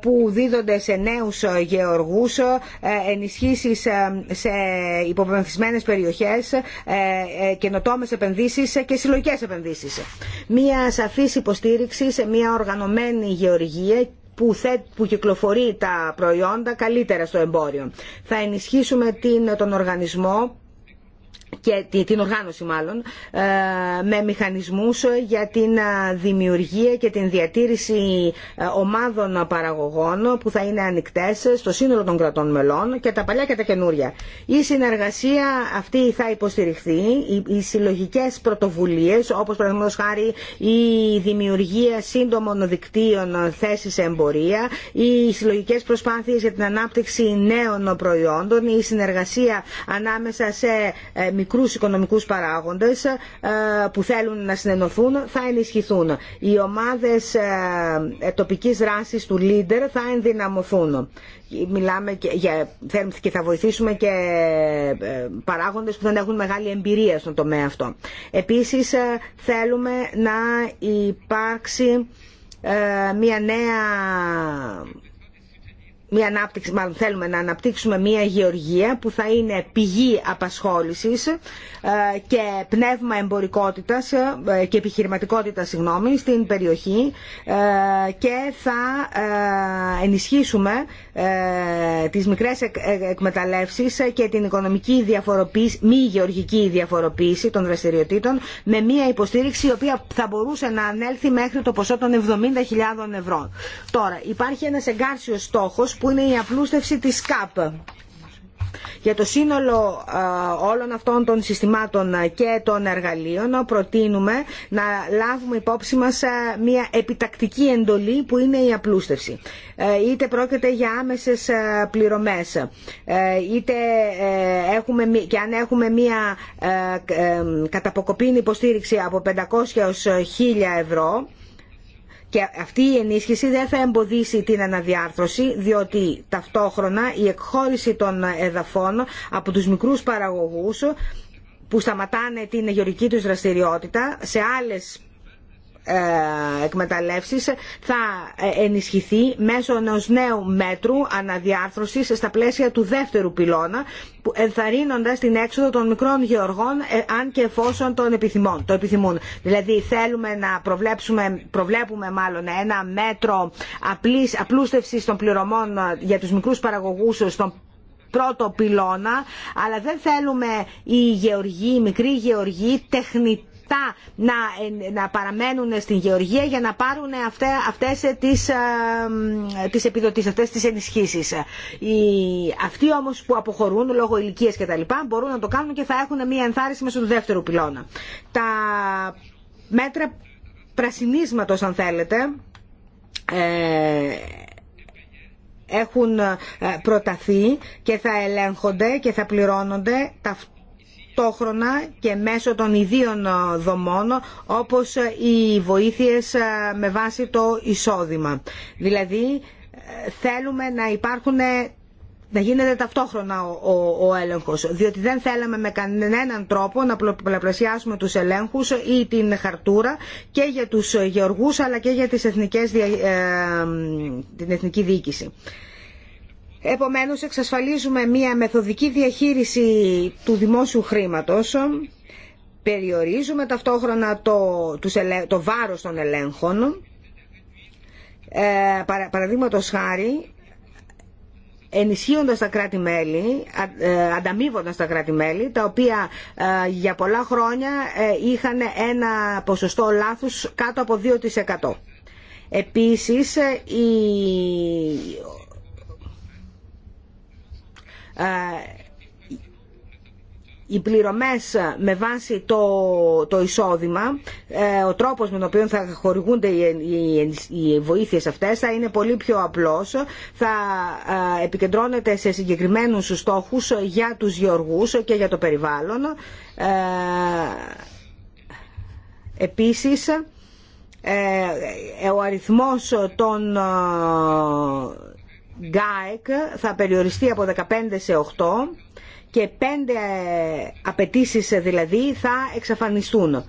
που δίδονται σε νέους γεωργούς, ενισχύσεις σε περιοχές, καινοτόμες επενδύσεις και συλλογικές επενδύσεις. Μία σαφής υποστήριξη σε μία οργανωμένη γεωργία που, που κυκλοφορεί τα προϊόντα καλύτερα στο εμπόριο. Θα ενισχύσουμε την, τον οργανισμό και την οργάνωση μάλλον ε, με μηχανισμούς για την ε, δημιουργία και την διατήρηση ε, ομάδων παραγωγών που θα είναι ανοιχτές στο σύνολο των κρατών μελών και τα παλιά και τα καινούρια. Η συνεργασία αυτή θα υποστηριχθεί, οι συλλογικές πρωτοβουλίες όπως παραδείγματο χάρη η δημιουργία σύντομων δικτύων θέσης εμπορία, οι συλλογικές προσπάθειες για την ανάπτυξη νέων προϊόντων, η συνεργασία ανάμεσα σε μικρούς οικονομικούς παράγοντες ε, που θέλουν να συνενωθούν θα ενισχυθούν. Οι ομάδες ε, τοπικής δράσης του Λίντερ θα ενδυναμωθούν. Μιλάμε και, για, και θα βοηθήσουμε και ε, παράγοντες που δεν έχουν μεγάλη εμπειρία στον τομέα αυτό. Επίσης θέλουμε να υπάρξει μια νέα μια ανάπτυξη, μάλλον θέλουμε να αναπτύξουμε μια γεωργία που θα είναι πηγή απασχόλησης ε, και πνεύμα εμπορικότητας ε, και επιχειρηματικότητα συγγνώμη, στην περιοχή ε, και θα ενισχύσουμε τις μικρές εκμεταλλεύσεις και την οικονομική διαφοροποίηση, μη γεωργική διαφοροποίηση των δραστηριοτήτων με μια υποστήριξη η οποία θα μπορούσε να ανέλθει μέχρι το ποσό των 70.000 ευρώ. Τώρα, υπάρχει ένας εγκάρσιος στόχος που είναι η απλούστευση της ΚΑΠ. Για το σύνολο όλων αυτών των συστημάτων και των εργαλείων προτείνουμε να λάβουμε υπόψη μας μια επιτακτική εντολή που είναι η απλούστευση. Ε, είτε πρόκειται για άμεσες πληρωμές, ε, είτε ε, έχουμε, και αν έχουμε μια καταποκοπήν υποστήριξη από 500 έως 1000 ευρώ, και αυτή η ενίσχυση δεν θα εμποδίσει την αναδιάρθρωση διότι ταυτόχρονα η εκχώρηση των εδαφών από τους μικρούς παραγωγούς που σταματάνε την γεωργική τους δραστηριότητα σε άλλες ε, εκμεταλλεύσεις θα ε, ενισχυθεί μέσω ενός νέου μέτρου αναδιάρθρωσης στα πλαίσια του δεύτερου πυλώνα ενθαρρύνοντας την έξοδο των μικρών γεωργών ε, αν και εφόσον τον επιθυμών, το επιθυμούν. Δηλαδή θέλουμε να προβλέψουμε, προβλέπουμε μάλλον ένα μέτρο απλής, απλούστευσης των πληρωμών για τους μικρούς παραγωγούς στον πρώτο πυλώνα, αλλά δεν θέλουμε οι γεωργοί, οι μικροί γεωργοί τα να, να παραμένουν στην γεωργία για να πάρουν αυτέ, αυτές τις, ε, τις επιδοτήσεις, αυτές τις ενισχύσεις. Οι, αυτοί όμως που αποχωρούν λόγω ηλικία και τα λοιπά μπορούν να το κάνουν και θα έχουν μια ενθάρρυνση μέσω του δεύτερου πυλώνα. Τα μέτρα πρασινίσματος αν θέλετε ε, έχουν ε, προταθεί και θα ελέγχονται και θα πληρώνονται ταυτόχρονα ταυτόχρονα και μέσω των ιδίων ε, δομών όπως ε, οι βοήθειες ε, με βάση το εισόδημα. Δηλαδή θέλουμε να υπάρχουν να γίνεται ταυτόχρονα ο, ο, έλεγχος, διότι δεν θέλαμε με κανέναν τρόπο να πολλαπλασιάσουμε τους ελέγχους ή την χαρτούρα και για τους γεωργούς αλλά και για τις εθνικές, την εθνική διοίκηση. Επομένως εξασφαλίζουμε μια μεθοδική διαχείριση του δημόσιου χρήματος, περιορίζουμε ταυτόχρονα το, το βάρος των ελέγχων, ε, παραδείγματος χάρη, ενισχύοντας τα κράτη-μέλη, ε, ανταμείβοντας τα κράτη-μέλη, τα οποία ε, για πολλά χρόνια ε, είχαν ένα ποσοστό λάθους κάτω από 2%. Επίσης, η ε, οι πληρωμές με βάση το, το εισόδημα, ε, ο τρόπος με τον οποίο θα χορηγούνται οι, οι, βοήθειες αυτές θα είναι πολύ πιο απλός, θα ε, επικεντρώνεται σε συγκεκριμένους στόχους για τους γεωργούς και για το περιβάλλον. επίσης, ο αριθμός των ΓΑΕΚ e θα περιοριστεί από 15 σε 8 και 5 απαιτήσει δηλαδή θα εξαφανιστούν.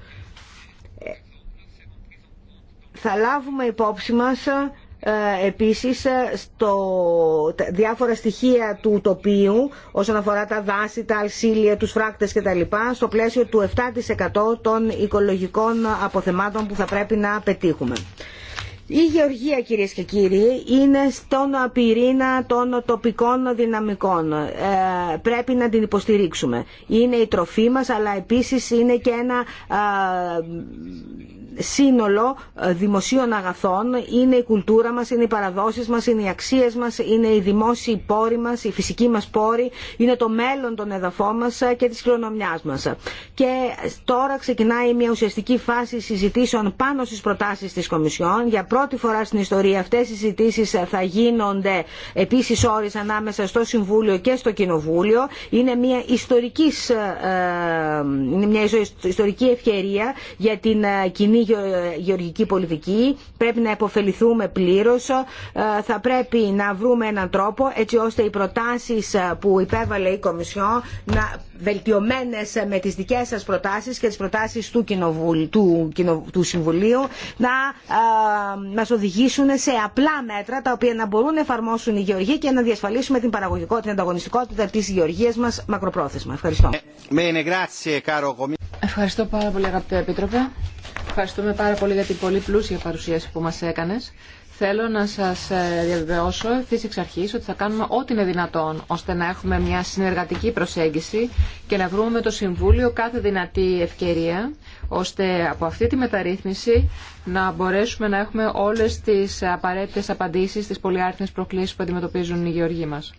Θα λάβουμε υπόψη μας ε, επίσης στο διάφορα στοιχεία του τοπίου όσον αφορά τα δάση, τα αλσίλια, τους φράκτες κτλ. στο πλαίσιο του 7% των οικολογικών αποθεμάτων που θα πρέπει να πετύχουμε. Η γεωργία κυρίες και κύριοι είναι στον πυρήνα των τοπικών δυναμικών. Ε, πρέπει να την υποστηρίξουμε. Είναι η τροφή μας αλλά επίσης είναι και ένα ε, σύνολο ε, δημοσίων αγαθών είναι η κουλτούρα μας, είναι οι παραδόσεις μας, είναι οι αξίες μας, είναι οι δημόσιοι πόροι μας, οι φυσικοί μας πόροι, είναι το μέλλον των εδαφών μας ε, και της κληρονομιάς μας. Και τώρα ξεκινάει μια ουσιαστική φάση συζητήσεων πάνω στις προτάσεις της Κομισιόν. Για πρώτη φορά στην ιστορία αυτές οι συζητήσεις θα γίνονται επίσης όρις ανάμεσα στο Συμβούλιο και στο Κοινοβούλιο. Είναι μια ιστορική, ε, μια ιστορική ευκαιρία για την κοινή γεωργική πολιτική, πρέπει να υποφεληθούμε πλήρω. Ε, θα πρέπει να βρούμε έναν τρόπο έτσι ώστε οι προτάσει ε, που υπέβαλε η Κομισιόν να με τι δικέ σα προτάσει και τι προτάσει του, του, Συμβουλίου να ε, μα οδηγήσουν σε απλά μέτρα τα οποία να μπορούν να εφαρμόσουν οι γεωργοί και να διασφαλίσουμε την παραγωγικότητα, την ανταγωνιστικότητα τη γεωργία μα μακροπρόθεσμα. Ευχαριστώ. Ευχαριστώ πάρα πολύ αγαπητέ Επίτροπε. Ευχαριστούμε πάρα πολύ για την πολύ πλούσια παρουσίαση που μας έκανες. Θέλω να σας ε, διαβεβαιώσω ευθύς εξ αρχής ότι θα κάνουμε ό,τι είναι δυνατόν ώστε να έχουμε μια συνεργατική προσέγγιση και να βρούμε με το Συμβούλιο κάθε δυνατή ευκαιρία ώστε από αυτή τη μεταρρύθμιση να μπορέσουμε να έχουμε όλες τις απαραίτητες απαντήσεις στις πολυάρθμιες προκλήσεις που αντιμετωπίζουν οι γεωργοί μας.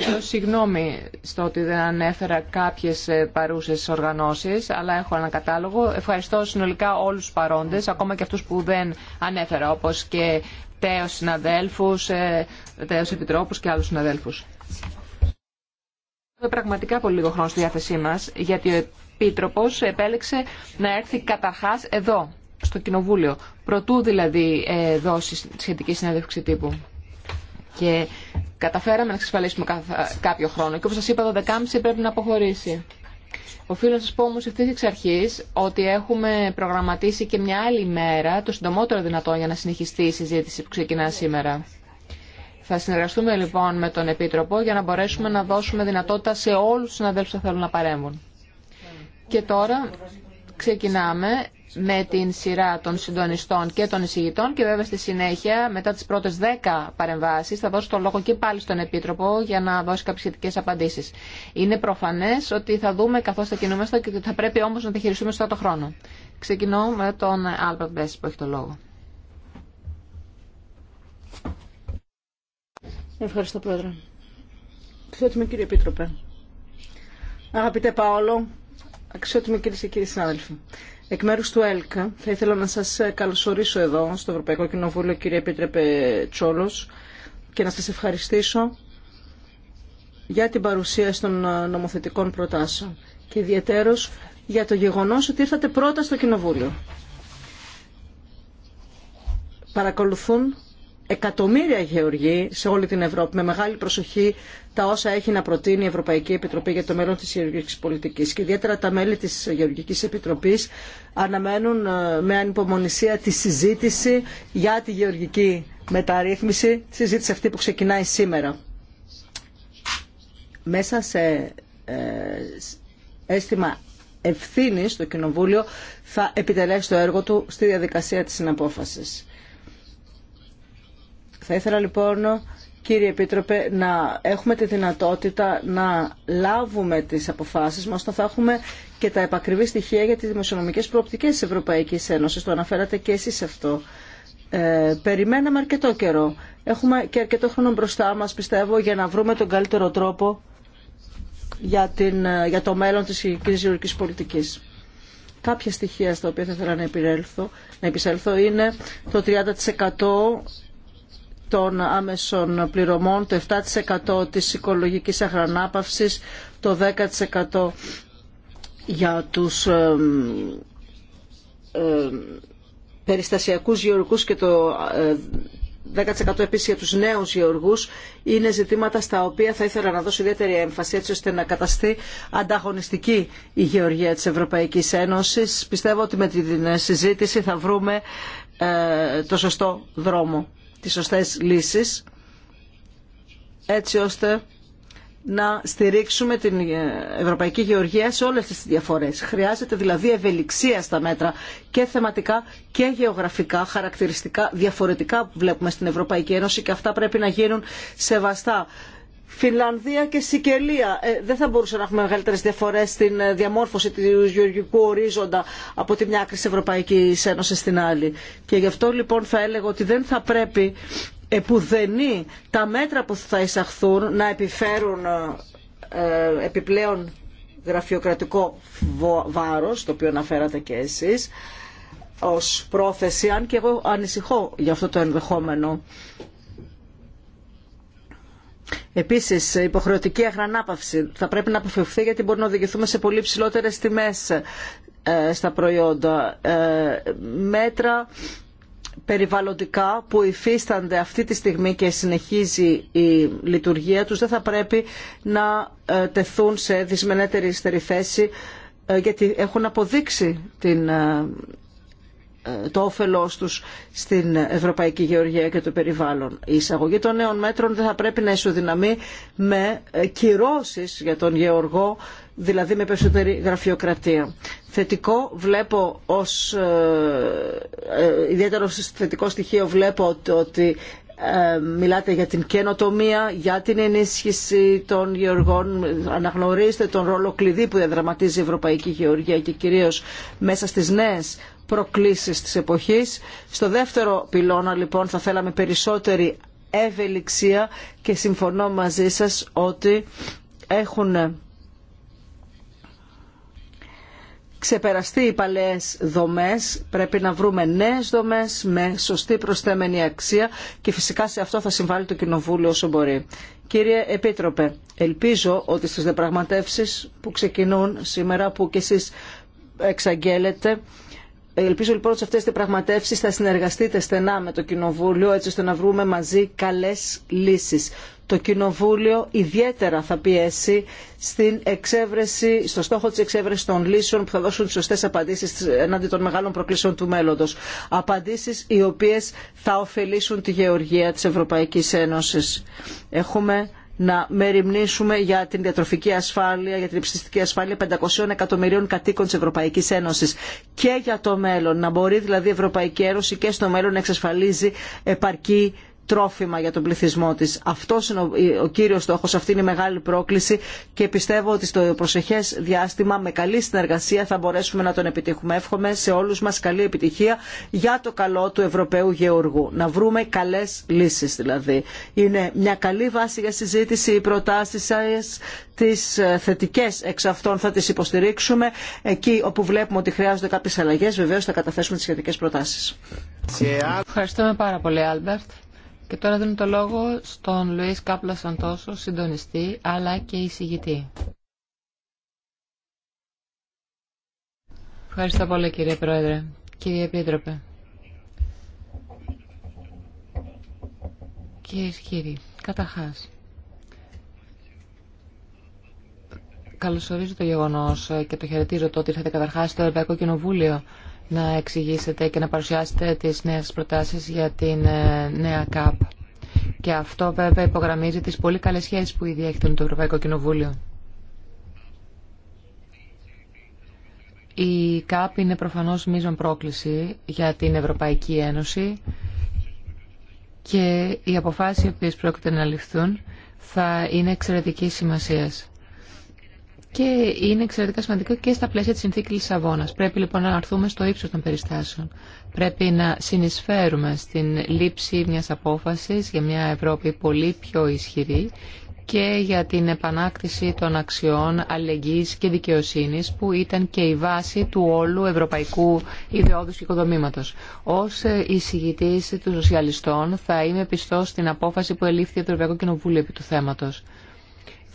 Ζητώ συγγνώμη στο ότι δεν ανέφερα κάποιες ε, παρούσες οργανώσεις, αλλά έχω ένα κατάλογο. Ευχαριστώ συνολικά όλους του παρόντες, ακόμα και αυτούς που δεν ανέφερα, όπως και τέος συναδέλφου, ε, τέος Επιτρόπου και άλλου συναδέλφου. Έχουμε πραγματικά πολύ λίγο χρόνο στη διάθεσή μας, γιατί ο Επίτροπος επέλεξε να έρθει καταχάς εδώ, στο Κοινοβούλιο, προτού δηλαδή ε, δώσει σχετική συνέντευξη τύπου. Και καταφέραμε να εξασφαλίσουμε κάποιο χρόνο. Και όπω σα είπα, το δεκάμιση πρέπει να αποχωρήσει. Οφείλω να σα πω όμω ευθύ εξ αρχή ότι έχουμε προγραμματίσει και μια άλλη μέρα, το συντομότερο δυνατό για να συνεχιστεί η συζήτηση που ξεκινά σήμερα. Θα συνεργαστούμε λοιπόν με τον Επίτροπο για να μπορέσουμε να δώσουμε δυνατότητα σε όλου του συναδέλφου που θέλουν να παρέμβουν. Και τώρα ξεκινάμε με την σειρά των συντονιστών και των εισηγητών και βέβαια στη συνέχεια μετά τις πρώτες 10 παρεμβάσεις θα δώσω το λόγο και πάλι στον Επίτροπο για να δώσει κάποιες σχετικέ απαντήσεις. Είναι προφανές ότι θα δούμε καθώς θα κινούμαστε και θα πρέπει όμως να τα χειριστούμε στο το χρόνο. Ξεκινώ με τον Άλπερτ Μπέση που έχει το λόγο. Ευχαριστώ Πρόεδρε. Αξιότιμη κύριε Επίτροπε. Αγαπητέ Παόλο, αξιότιμοι κύριε και κύριοι συνάδελφοι. Εκ μέρους του ΕΛΚΑ θα ήθελα να σας καλωσορίσω εδώ στο Ευρωπαϊκό Κοινοβούλιο κύριε Επίτρεπε Τσόλος και να σας ευχαριστήσω για την παρουσίαση των νομοθετικών προτάσεων και ιδιαίτερος για το γεγονός ότι ήρθατε πρώτα στο Κοινοβούλιο. Παρακολουθούν εκατομμύρια γεωργοί σε όλη την Ευρώπη με μεγάλη προσοχή τα όσα έχει να προτείνει η Ευρωπαϊκή Επιτροπή για το μέλλον της γεωργικής πολιτικής. Και ιδιαίτερα τα μέλη της Γεωργικής Επιτροπής αναμένουν ε, με ανυπομονησία τη συζήτηση για τη γεωργική μεταρρύθμιση, τη συζήτηση αυτή που ξεκινάει σήμερα. Μέσα σε ε, αίσθημα ευθύνη το Κοινοβούλιο θα επιτελέσει το έργο του στη διαδικασία της συναπόφασης θα ήθελα λοιπόν, κύριε Επίτροπε, να έχουμε τη δυνατότητα να λάβουμε τις αποφάσεις μας να θα έχουμε και τα επακριβή στοιχεία για τις δημοσιονομικές προοπτικές της Ευρωπαϊκής Ένωσης. Το αναφέρατε και εσείς αυτό. Ε, περιμέναμε αρκετό καιρό. Έχουμε και αρκετό χρόνο μπροστά μας, πιστεύω, για να βρούμε τον καλύτερο τρόπο για, την, ε, για το μέλλον της κοινής γεωργικής πολιτικής. Κάποια στοιχεία στα οποία θα ήθελα να, επισέλθω, είναι το 30% των άμεσων πληρωμών, το 7% της οικολογικής αγρανάπαυσης, το 10% για τους ε, ε, περιστασιακούς γεωργούς και το 10% ε, επίσης για τους νέους γεωργούς είναι ζητήματα στα οποία θα ήθελα να δώσω ιδιαίτερη έμφαση έτσι ώστε να καταστεί ανταγωνιστική η γεωργία της Ευρωπαϊκής Ένωσης. Πιστεύω ότι με την ε, συζήτηση θα βρούμε ε, το σωστό δρόμο τις σωστές λύσεις έτσι ώστε να στηρίξουμε την Ευρωπαϊκή Γεωργία σε όλες τις διαφορές. Χρειάζεται δηλαδή ευελιξία στα μέτρα και θεματικά και γεωγραφικά χαρακτηριστικά διαφορετικά που βλέπουμε στην Ευρωπαϊκή Ένωση και αυτά πρέπει να γίνουν σεβαστά Φιλανδία και Σικελία. Ε, δεν θα μπορούσε να έχουμε μεγαλύτερε διαφορέ στην ε, διαμόρφωση του γεωργικού ορίζοντα από τη μια άκρη τη Ευρωπαϊκή Ένωση στην άλλη. Και γι' αυτό λοιπόν θα έλεγα ότι δεν θα πρέπει επουδενή τα μέτρα που θα εισαχθούν να επιφέρουν ε, ε, επιπλέον γραφειοκρατικό βάρος, το οποίο αναφέρατε και εσείς, ως πρόθεση, αν και εγώ ανησυχώ για αυτό το ενδεχόμενο Επίση, υποχρεωτική αγρανάπαυση θα πρέπει να αποφευχθεί γιατί μπορεί να οδηγηθούμε σε πολύ ψηλότερε τιμέ ε, στα προϊόντα. Ε, μέτρα περιβαλλοντικά που υφίστανται αυτή τη στιγμή και συνεχίζει η λειτουργία τους δεν θα πρέπει να ε, τεθούν σε δυσμενέτερη θέση γιατί έχουν αποδείξει την το όφελός τους στην Ευρωπαϊκή Γεωργία και το περιβάλλον. Η εισαγωγή των νέων μέτρων δεν θα πρέπει να ισοδυναμεί με ε, κυρώσεις για τον Γεωργό, δηλαδή με περισσότερη γραφειοκρατία. Θετικό βλέπω ως, ιδιαίτερο ε, ιδιαίτερο θετικό στοιχείο βλέπω ότι ε, μιλάτε για την καινοτομία, για την ενίσχυση των γεωργών. Αναγνωρίστε τον ρόλο κλειδί που διαδραματίζει η Ευρωπαϊκή Γεωργία και κυρίως μέσα στις νέες προκλήσεις της εποχής. Στο δεύτερο πυλώνα λοιπόν θα θέλαμε περισσότερη ευελιξία και συμφωνώ μαζί σας ότι έχουν ξεπεραστεί οι παλαιές δομές, πρέπει να βρούμε νέες δομές με σωστή προσθέμενη αξία και φυσικά σε αυτό θα συμβάλλει το Κοινοβούλιο όσο μπορεί. Κύριε Επίτροπε, ελπίζω ότι στις διαπραγματεύσεις που ξεκινούν σήμερα που κι εσείς εξαγγέλλετε Ελπίζω λοιπόν ότι σε αυτές τις πραγματεύσεις θα συνεργαστείτε στενά με το Κοινοβούλιο έτσι ώστε να βρούμε μαζί καλές λύσεις. Το Κοινοβούλιο ιδιαίτερα θα πιέσει στην εξέβρεση, στο στόχο της εξέβρεσης των λύσεων που θα δώσουν τις σωστές απαντήσεις εναντί των μεγάλων προκλήσεων του μέλλοντος. Απαντήσεις οι οποίες θα ωφελήσουν τη γεωργία της Ευρωπαϊκής Ένωσης. Έχουμε να μεριμνήσουμε για την διατροφική ασφάλεια, για την υψηλιστική ασφάλεια 500 εκατομμυρίων κατοίκων της Ευρωπαϊκής Ένωσης και για το μέλλον. Να μπορεί δηλαδή η Ευρωπαϊκή Ένωση και στο μέλλον να εξασφαλίζει επαρκή τρόφιμα για τον πληθυσμό της. Αυτό είναι ο κύριος στόχος, αυτή είναι η μεγάλη πρόκληση και πιστεύω ότι στο προσεχές διάστημα με καλή συνεργασία θα μπορέσουμε να τον επιτύχουμε. Εύχομαι σε όλους μας καλή επιτυχία για το καλό του Ευρωπαίου Γεωργού. Να βρούμε καλές λύσεις δηλαδή. Είναι μια καλή βάση για συζήτηση οι προτάσει σα τι ε, θετικέ εξ αυτών θα τι υποστηρίξουμε. Εκεί όπου βλέπουμε ότι χρειάζονται κάποιε αλλαγέ, βεβαίω θα καταθέσουμε τι σχετικέ προτάσει. Ευχαριστούμε πάρα πολύ Άλμπερτ. Και τώρα δίνω το λόγο στον Λουίς Κάπλα Σαντόσο, συντονιστή, αλλά και εισηγητή. Ευχαριστώ πολύ κύριε Πρόεδρε. Κύριε Επίτροπε. Κύριε κύριοι, καταρχάς. Καλωσορίζω το γεγονός και το χαιρετίζω το ότι ήρθατε καταρχάς στο Ευρωπαϊκό Κοινοβούλιο να εξηγήσετε και να παρουσιάσετε τις νέες προτάσεις για την ε, νέα ΚΑΠ. Και αυτό βέβαια υπογραμμίζει τις πολύ καλές σχέσεις που ήδη έχετε με το Ευρωπαϊκό Κοινοβούλιο. Η ΚΑΠ είναι προφανώς μείζον πρόκληση για την Ευρωπαϊκή Ένωση και οι αποφάσεις οι οποίες πρόκειται να ληφθούν θα είναι εξαιρετική σημασίας και είναι εξαιρετικά σημαντικό και στα πλαίσια της συνθήκη Λισαβόνας. Πρέπει λοιπόν να αρθούμε στο ύψος των περιστάσεων. Πρέπει να συνεισφέρουμε στην λήψη μιας απόφασης για μια Ευρώπη πολύ πιο ισχυρή και για την επανάκτηση των αξιών αλληλεγγύης και δικαιοσύνης που ήταν και η βάση του όλου ευρωπαϊκού ιδεώδους οικοδομήματος. Ως εισηγητής των σοσιαλιστών θα είμαι πιστός στην απόφαση που ελήφθη το Ευρωπαϊκό Κοινοβούλιο επί του θέματος.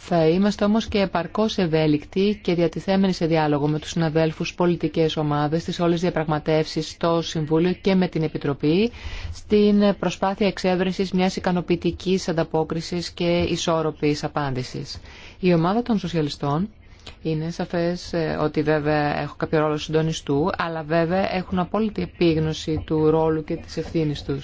Θα είμαστε όμως και επαρκώς ευέλικτοι και διατηθέμενοι σε διάλογο με τους συναδέλφους πολιτικές ομάδες στις όλες διαπραγματεύσεις στο Συμβούλιο και με την Επιτροπή στην προσπάθεια εξέβρεσης μιας ικανοποιητικής ανταπόκρισης και ισόρροπης απάντησης. Η ομάδα των σοσιαλιστών είναι σαφέ ε, ότι βέβαια έχω κάποιο ρόλο συντονιστού, αλλά βέβαια έχουν απόλυτη επίγνωση του ρόλου και τη ευθύνη του.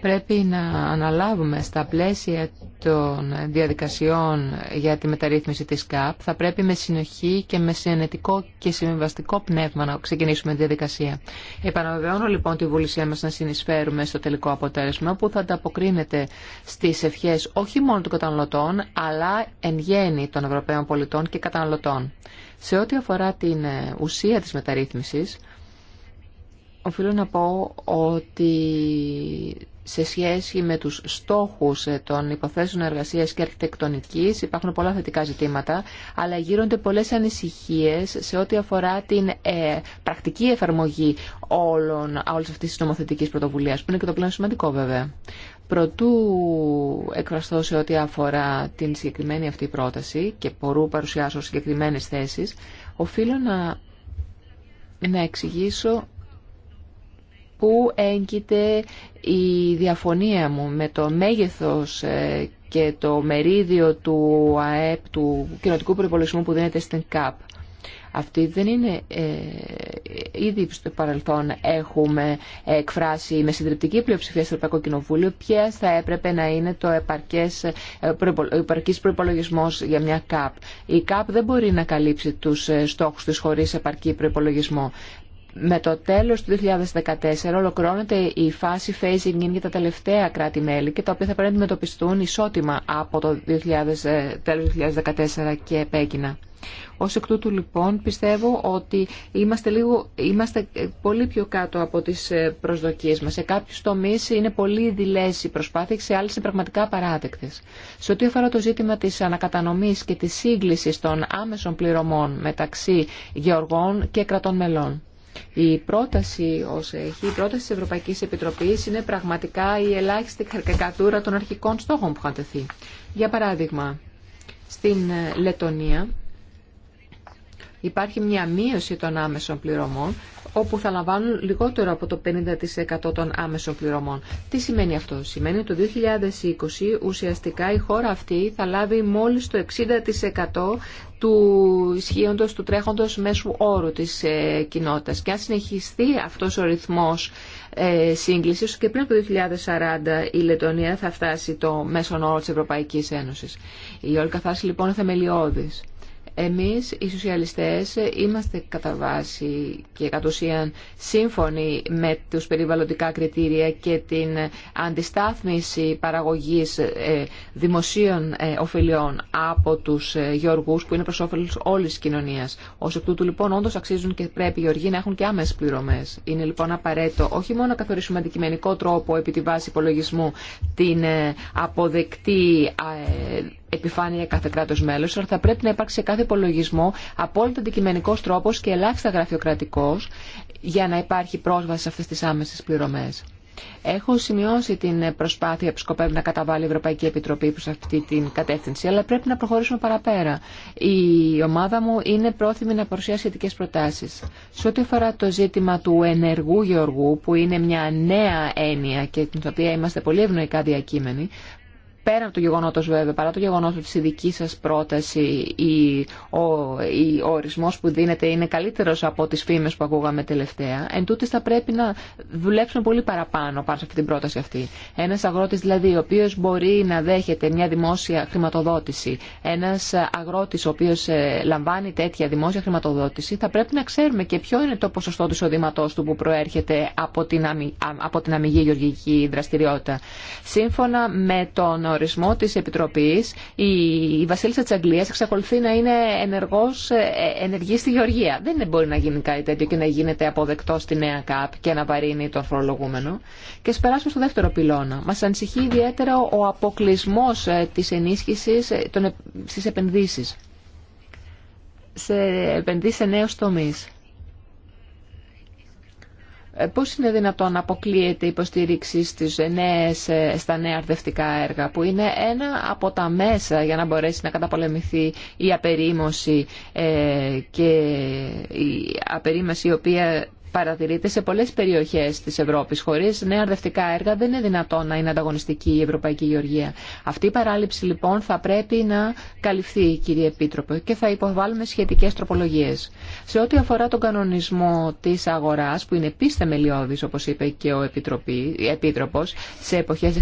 Πρέπει να αναλάβουμε στα πλαίσια των διαδικασιών για τη μεταρρύθμιση τη ΚΑΠ, θα πρέπει με συνοχή και με συνενετικό και συμβιβαστικό πνεύμα να ξεκινήσουμε τη διαδικασία. Επαναβεβαιώνω λοιπόν τη βούλησή μα να συνεισφέρουμε στο τελικό αποτέλεσμα που θα ανταποκρίνεται στι ευχέ όχι μόνο των καταναλωτών, αλλά εν γέννη των Ευρωπαίων πολιτών και καταναλωτών σε ό,τι αφορά την ε, ουσία της μεταρρύθμισης, οφείλω να πω ότι σε σχέση με τους στόχους ε, των υποθέσεων εργασίας και αρχιτεκτονικής υπάρχουν πολλά θετικά ζητήματα, αλλά γύρονται πολλές ανησυχίες σε ό,τι αφορά την ε, πρακτική εφαρμογή όλων, όλης αυτής της νομοθετικής πρωτοβουλίας, που είναι και το πλέον σημαντικό βέβαια. Προτού εκφραστώ σε ό,τι αφορά την συγκεκριμένη αυτή πρόταση και μπορώ παρουσιάσω συγκεκριμένες θέσεις, οφείλω να, να εξηγήσω πού έγκυται η διαφωνία μου με το μέγεθος ε, και το μερίδιο του ΑΕΠ, του κοινοτικού Προϋπολογισμού που δίνεται στην ΚΑΠ. Αυτή δεν είναι... Ε, ήδη στο παρελθόν έχουμε εκφράσει με συντριπτική πλειοψηφία στο Ευρωπαϊκό Κοινοβούλιο ποια θα έπρεπε να είναι το επαρκές, ε, επαρκής προϋπολογισμός για μια ΚΑΠ. Η ΚΑΠ δεν μπορεί να καλύψει τους ε, στόχους της χωρίς επαρκή προπολογισμό με το τέλος του 2014 ολοκληρώνεται η φάση phasing in για τα τελευταία κράτη-μέλη και τα οποία θα πρέπει να αντιμετωπιστούν ισότιμα από το 2000, ε, τέλος 2014 και επέκεινα. Ως εκ τούτου λοιπόν πιστεύω ότι είμαστε, λίγο, είμαστε ε, πολύ πιο κάτω από τις ε, προσδοκίες μας. Σε κάποιους τομείς είναι πολύ δηλές οι προσπάθειες, σε άλλες είναι πραγματικά παράδεκτες. Σε ό,τι αφορά το ζήτημα της ανακατανομής και της σύγκλησης των άμεσων πληρωμών μεταξύ γεωργών και κρατών μελών. Η πρόταση ως έχει, η πρόταση της Ευρωπαϊκής Επιτροπής είναι πραγματικά η ελάχιστη κακατούρα των αρχικών στόχων που είχαν τεθεί. Για παράδειγμα, στην ε, Λετωνία υπάρχει μια μείωση των άμεσων πληρωμών όπου θα λαμβάνουν λιγότερο από το 50% των άμεσων πληρωμών. Τι σημαίνει αυτό. Σημαίνει ότι το 2020 ουσιαστικά η χώρα αυτή θα λάβει μόλις το 60% του ισχύοντος, του τρέχοντος μέσου όρου της ε, κοινότητας. Και αν συνεχιστεί αυτός ο ρυθμός ε, σύγκλησης και πριν από το 2040 η Λετωνία θα φτάσει το μέσον όρο της Ευρωπαϊκής Ένωσης. Η όλη καθάση λοιπόν θεμελιώδης. Εμείς οι σοσιαλιστές είμαστε κατά βάση και κατ' ουσίαν σύμφωνοι με τους περιβαλλοντικά κριτήρια και την αντιστάθμιση παραγωγής ε, δημοσίων ε, ωφελιών από τους ε, γεωργούς που είναι προς όφελος όλης της κοινωνίας. Ως εκ τούτου λοιπόν όντως αξίζουν και πρέπει οι γεωργοί να έχουν και άμεσες πληρωμές. Είναι λοιπόν απαραίτητο όχι μόνο να καθορίσουμε αντικειμενικό τρόπο επί τη βάση υπολογισμού την αποδεκτή επιφάνεια κάθε κράτο μέλο, αλλά θα πρέπει να υπάρξει σε κάθε υπολογισμό απόλυτα αντικειμενικό τρόπο και ελάχιστα γραφειοκρατικό για να υπάρχει πρόσβαση σε αυτέ τι άμεσε πληρωμέ. Έχω σημειώσει την προσπάθεια που σκοπεύει να καταβάλει η Ευρωπαϊκή Επιτροπή προ αυτή την κατεύθυνση, αλλά πρέπει να προχωρήσουμε παραπέρα. Η ομάδα μου είναι πρόθυμη να παρουσιάσει σχετικέ προτάσει. Σε ό,τι αφορά το ζήτημα του ενεργού γεωργού, που είναι μια νέα έννοια και την οποία είμαστε πολύ ευνοϊκά διακείμενοι, πέρα από το γεγονότος βέβαια, παρά το γεγονός ότι η δική σας πρόταση η, ο, ορισμός που δίνεται είναι καλύτερος από τις φήμες που ακούγαμε τελευταία, εν θα πρέπει να δουλέψουμε πολύ παραπάνω πάνω σε αυτή την πρόταση αυτή. Ένας αγρότης δηλαδή ο οποίος μπορεί να δέχεται μια δημόσια χρηματοδότηση, ένας αγρότης ο οποίος ε, λαμβάνει τέτοια δημόσια χρηματοδότηση, θα πρέπει να ξέρουμε και ποιο είναι το ποσοστό του εισοδήματός του που προέρχεται από την, αμυγή γεωργική δραστηριότητα. Σύμφωνα με τον ορισμό της Επιτροπής η Βασίλισσα της Αγγλίας εξακολουθεί να είναι ενεργός, ε, ενεργή στη Γεωργία. Δεν μπορεί να γίνει κάτι τέτοιο και να γίνεται αποδεκτό στη νέα ΚΑΠ και να βαρύνει τον φορολογούμενο. Και ας περάσουμε στο δεύτερο πυλώνα. Μας ανησυχεί ιδιαίτερα ο αποκλεισμό ε, της ενίσχυσης ε, στις επενδύσεις. Σε επενδύσει σε νέους τομείς. Ε, πώς είναι δυνατόν να αποκλείεται η υποστήριξη στις ε, στα νέα αρδευτικά έργα που είναι ένα από τα μέσα για να μπορέσει να καταπολεμηθεί η απερίμωση ε, και η απερίμωση η οποία παρατηρείται σε πολλές περιοχές της Ευρώπης. Χωρίς νέα αρδευτικά έργα δεν είναι δυνατόν να είναι ανταγωνιστική η Ευρωπαϊκή Γεωργία. Αυτή η παράληψη λοιπόν θα πρέπει να καλυφθεί κύριε Επίτροπε και θα υποβάλουμε σχετικές τροπολογίες. Σε ό,τι αφορά τον κανονισμό της αγοράς που είναι επίση θεμελιώδης όπως είπε και ο Επίτροπος σε εποχές